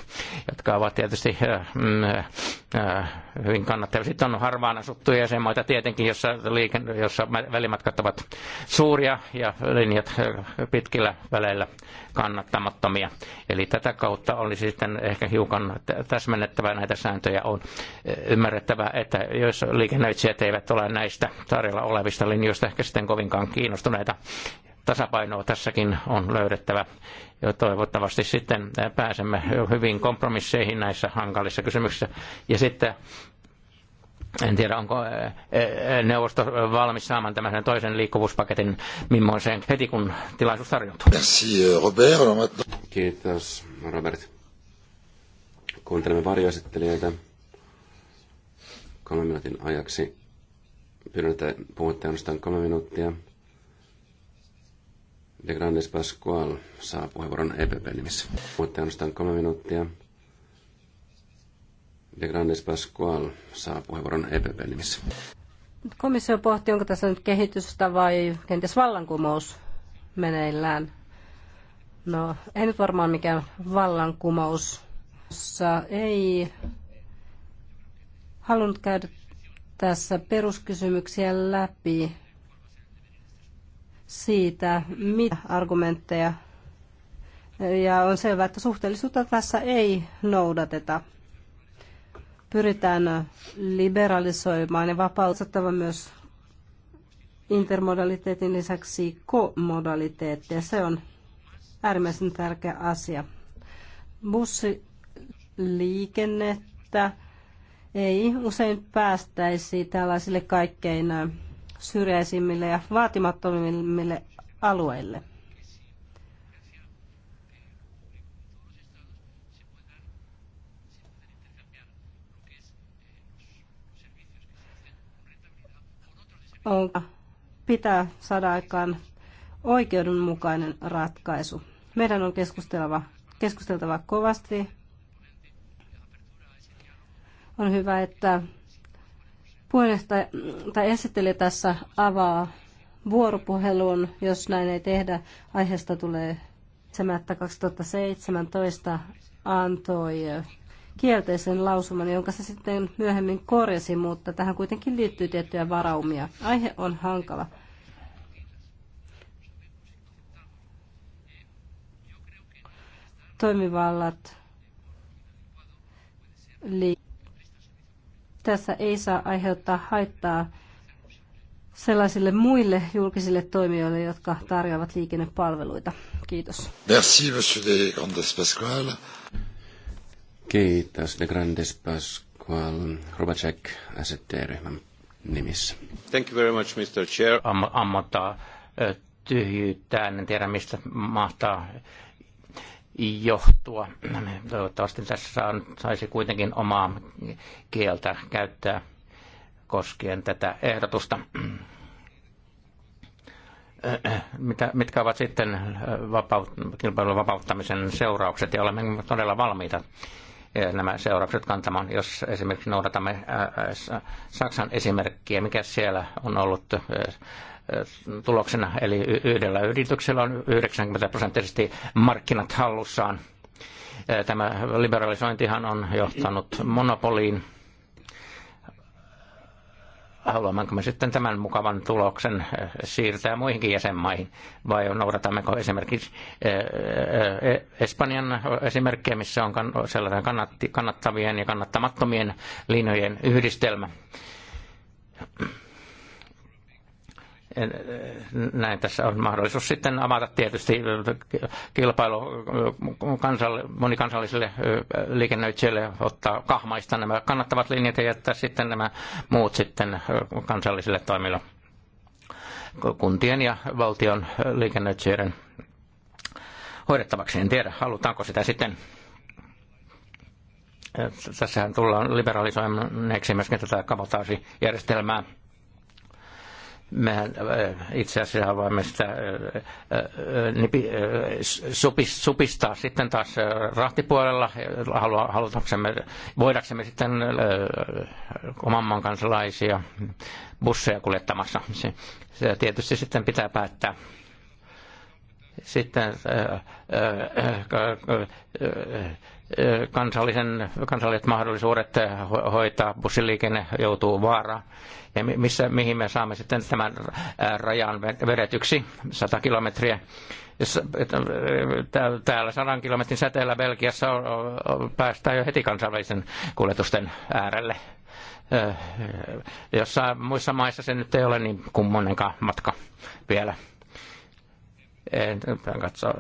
jotka ovat tietysti mm, hyvin kannattavia. Sitten on harvaan asuttuja jäsenmaita tietenkin, jossa, liiken, jossa välimatkat ovat suuria ja linjat pitkillä väleillä kannattamattomia. Eli tätä kautta olisi sitten ehkä hiukan täsmennettävä näitä sääntöjä. On ymmärrettävä, että jos liikennöitsijät eivät ole näistä tarjolla olevista linjoista ehkä sitten kovinkaan kiinnostuneita, tasapainoa tässäkin on löydettävä. Ja toivottavasti sitten pääsemme hyvin kompromisseihin näissä hankalissa kysymyksissä. Ja sitten en tiedä, onko neuvosto valmis saamaan tämmöisen toisen liikkuvuuspaketin millaiseen heti, kun tilaisuus tarjoutuu. Merci, euh, Robert. Kiitos, Robert. Kuuntelemme varjoesittelijöitä kolmen minuutin ajaksi. Pyydän, että puhutte ainoastaan kolme minuuttia. De Grandes Pascual saa puheenvuoron EPP-nimissä. Puhutte ainoastaan kolme minuuttia. De Grandes Pascual saa puheenvuoron EPP nimissä. Komissio pohti, onko tässä nyt kehitystä vai kenties vallankumous meneillään. No, ei nyt varmaan mikään vallankumous. Sä ei halunnut käydä tässä peruskysymyksiä läpi siitä, mitä argumentteja. Ja on selvää, että suhteellisuutta tässä ei noudateta pyritään liberalisoimaan ja vapauttava myös intermodaliteetin lisäksi komodaliteetti, se on äärimmäisen tärkeä asia. Bussiliikennettä ei usein päästäisi tällaisille kaikkein syrjäisimmille ja vaatimattomimmille alueille. On pitää saada aikaan oikeudenmukainen ratkaisu. Meidän on keskusteltava, keskusteltava kovasti. On hyvä, että puheenjohtaja tai esittelijä tässä avaa vuoropuhelun, jos näin ei tehdä. Aiheesta tulee 2017 antoi kielteisen lausuman, jonka se sitten myöhemmin korjasi, mutta tähän kuitenkin liittyy tiettyjä varaumia. Aihe on hankala. Toimivallat tässä ei saa aiheuttaa haittaa sellaisille muille julkisille toimijoille, jotka tarjoavat liikennepalveluita. Kiitos. Merci, monsieur de Grandes Kiitos, De Grandes Pascual, Rubacek, ST-ryhmän nimissä. Thank you very much, Mr. Chair. Am- ammottaa tyhjyyttä, en tiedä mistä mahtaa johtua. Toivottavasti tässä saan, saisi kuitenkin omaa kieltä käyttää koskien tätä ehdotusta. Mitä, mitkä ovat sitten vapaut, kilpailun vapauttamisen seuraukset ja olemme todella valmiita nämä seuraukset kantamaan, jos esimerkiksi noudatamme Saksan esimerkkiä, mikä siellä on ollut tuloksena. Eli yhdellä yrityksellä on 90 prosenttisesti markkinat hallussaan. Tämä liberalisointihan on johtanut monopoliin haluammeko me sitten tämän mukavan tuloksen eh, siirtää muihinkin jäsenmaihin, vai noudatammeko esimerkiksi eh, eh, Espanjan esimerkkiä, missä on sellainen kannattavien ja kannattamattomien linjojen yhdistelmä. Eh, näin tässä on mahdollisuus sitten avata tietysti eh, kilpailu eh, monikansallisille liikennöitsijöille, ottaa kahmaista nämä kannattavat linjat ja jättää sitten nämä muut sitten kansallisille toimille kuntien ja valtion liikennöitsijöiden hoidettavaksi. En tiedä, halutaanko sitä sitten tässähän tullaan liberalisoimaneeksi myöskin tätä kabotaasijärjestelmää mehän äh, itse asiassa havaimme sitä äh, äh, niin supistaa sitten taas rahtipuolella, halutaksemme, voidaksemme sitten oman maan kansalaisia busseja kuljettamassa. Se, se tietysti sitten pitää päättää sitten kansallisen, kansalliset mahdollisuudet hoitaa bussiliikenne joutuu vaaraan. Ja missä, mihin me saamme sitten tämän rajan vedetyksi, 100 kilometriä. Täällä 100 kilometrin säteellä Belgiassa päästään jo heti kansainvälisen kuljetusten äärelle. Jossain muissa maissa se nyt ei ole niin kummonenkaan matka vielä katsoa,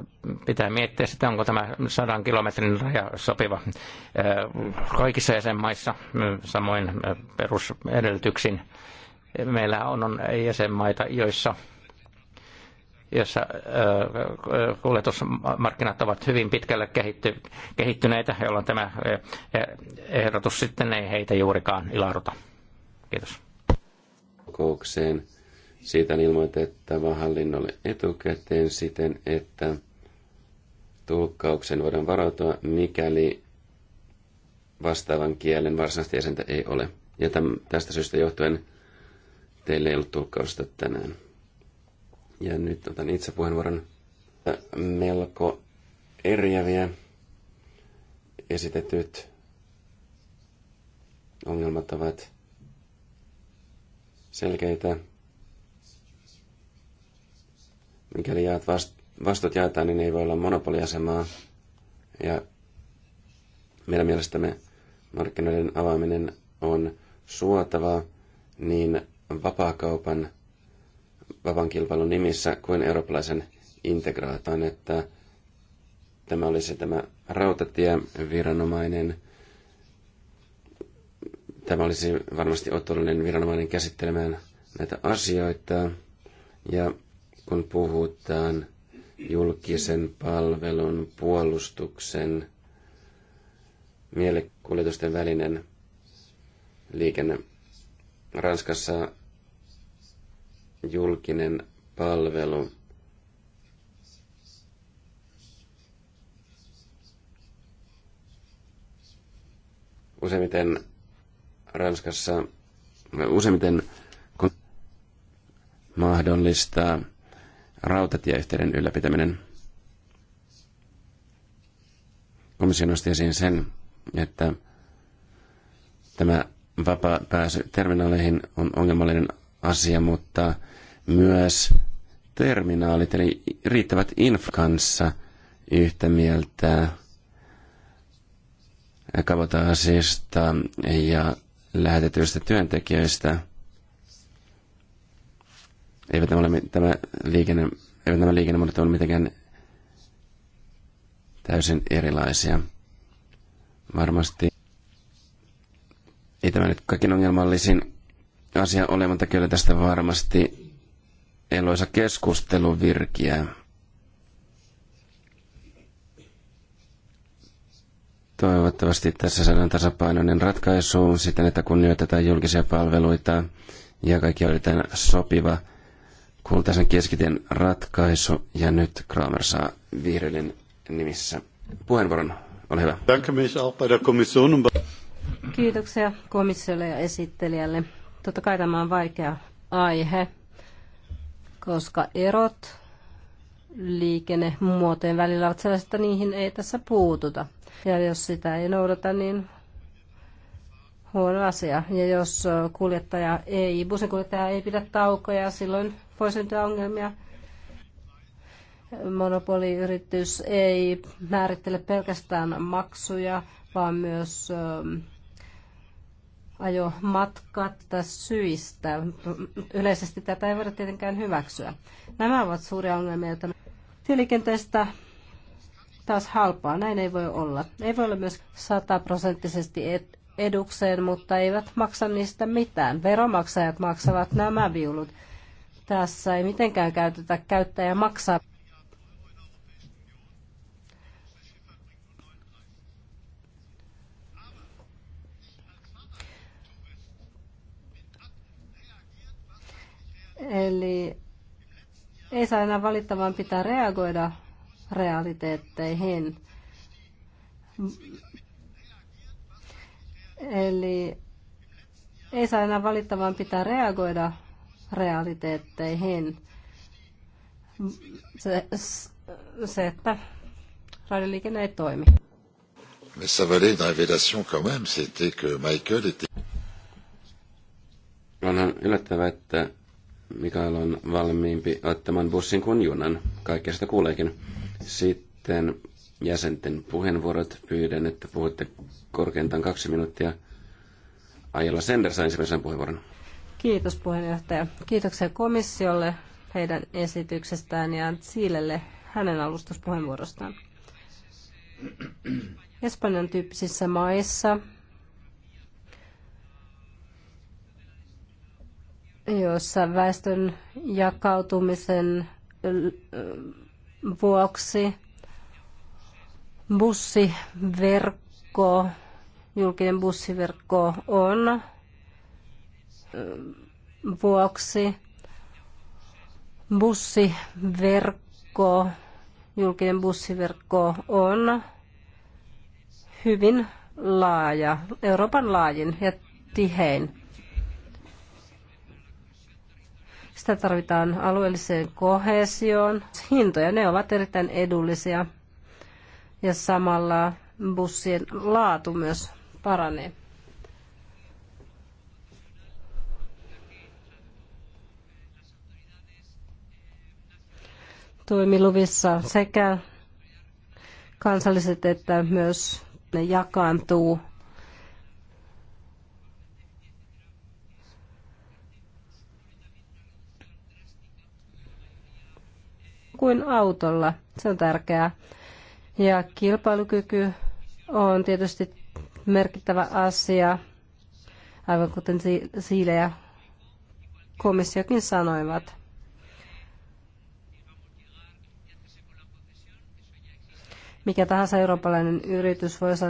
pitää miettiä sitä, onko tämä sadan kilometrin raja sopiva äh, kaikissa jäsenmaissa äh, samoin äh, perusedellytyksin. Meillä on jäsenmaita, joissa joissa kuljetusmarkkinat ovat hyvin pitkälle kehitty, kehittyneitä, jolloin tämä eh, ehdotus sitten ei heitä juurikaan ilahduta. Kiitos. Koukseen. Siitä on ilmoitettava hallinnolle etukäteen siten, että tulkkauksen voidaan varautua, mikäli vastaavan kielen varsinaista jäsentä ei ole. Ja täm, tästä syystä johtuen teille ei ollut tulkkausta tänään. Ja nyt otan itse puheenvuoron melko eriäviä esitetyt ongelmat ovat selkeitä Mikäli jaat vast, vastot jaetaan, niin ei voi olla monopoliasemaa. Ja meidän mielestämme markkinoiden avaaminen on suotavaa niin vapaakaupan, vapaan kilpailun nimissä kuin eurooppalaisen integraation, että tämä olisi tämä rautatieviranomainen. Tämä olisi varmasti otollinen viranomainen käsittelemään näitä asioita. Ja kun puhutaan julkisen palvelun, puolustuksen, mielikuljetusten välinen liikenne. Ranskassa julkinen palvelu useimmiten Ranskassa useimmiten mahdollista rautatieyhteyden ylläpitäminen. Komissio nosti esiin sen, että tämä vapaa pääsy terminaaleihin on ongelmallinen asia, mutta myös terminaalit, eli riittävät kanssa yhtä mieltä kabotaasista ja lähetetyistä työntekijöistä – eivät nämä, ole, tämä liikenne, eivät nämä liikennemuodot ole mitenkään täysin erilaisia. Varmasti ei tämä nyt kaikkein ongelmallisin asia ole, mutta kyllä tästä varmasti eloisa keskustelu Toivottavasti tässä saadaan tasapainoinen ratkaisu siten, että kunnioitetaan julkisia palveluita ja kaikki yritetään sopiva – kultaisen keskiten ratkaisu ja nyt Kramer saa vihreiden nimissä puheenvuoron. Ole hyvä. Kiitoksia komissiolle ja esittelijälle. Totta kai tämä on vaikea aihe, koska erot liikennemuotojen välillä ovat sellaiset, että niihin ei tässä puututa. Ja jos sitä ei noudata, niin huono asia. Ja jos kuljettaja ei, busin kuljettaja ei pidä taukoja, silloin voi syntyä ongelmia. Monopoliyritys ei määrittele pelkästään maksuja, vaan myös ähm, ajomatkat syistä. Yleisesti tätä ei voida tietenkään hyväksyä. Nämä ovat suuria ongelmia, joita tieliikenteestä taas halpaa. Näin ei voi olla. Ei voi olla myös sataprosenttisesti edukseen, mutta eivät maksa niistä mitään. Veromaksajat maksavat nämä viulut. Tässä ei mitenkään käytetä käyttäjä maksaa. Eli ei saa enää valittaa, vaan pitää reagoida realiteetteihin. Eli ei saa enää valittaa, vaan pitää reagoida realiteetteihin. Se, se että raideliikenne ei toimi. Mais ça valait une révélation quand même, c'était que Michael était... Onhan yllättävää, että Mikael on valmiimpi ottamaan bussin kuin junan. Kaikkea sitä kuuleekin. Sitten jäsenten puheenvuorot. Pyydän, että puhutte korkeintaan kaksi minuuttia. Ajalla Sender sai ensimmäisen puheenvuoron. Kiitos puheenjohtaja. Kiitoksia komissiolle heidän esityksestään ja Siilelle hänen alustuspuheenvuorostaan. Espanjan tyyppisissä maissa, joissa väestön jakautumisen vuoksi bussiverkko, julkinen bussiverkko on vuoksi bussiverkko, julkinen bussiverkko on hyvin laaja, Euroopan laajin ja tihein. Sitä tarvitaan alueelliseen kohesioon. Hintoja, ne ovat erittäin edullisia. Ja samalla bussien laatu myös paranee. toimiluvissa sekä kansalliset että myös ne jakaantuu kuin autolla. Se on tärkeää. Ja kilpailukyky on tietysti merkittävä asia, aivan kuten Siile ja komissiokin sanoivat. Mikä tahansa eurooppalainen yritys voi saada.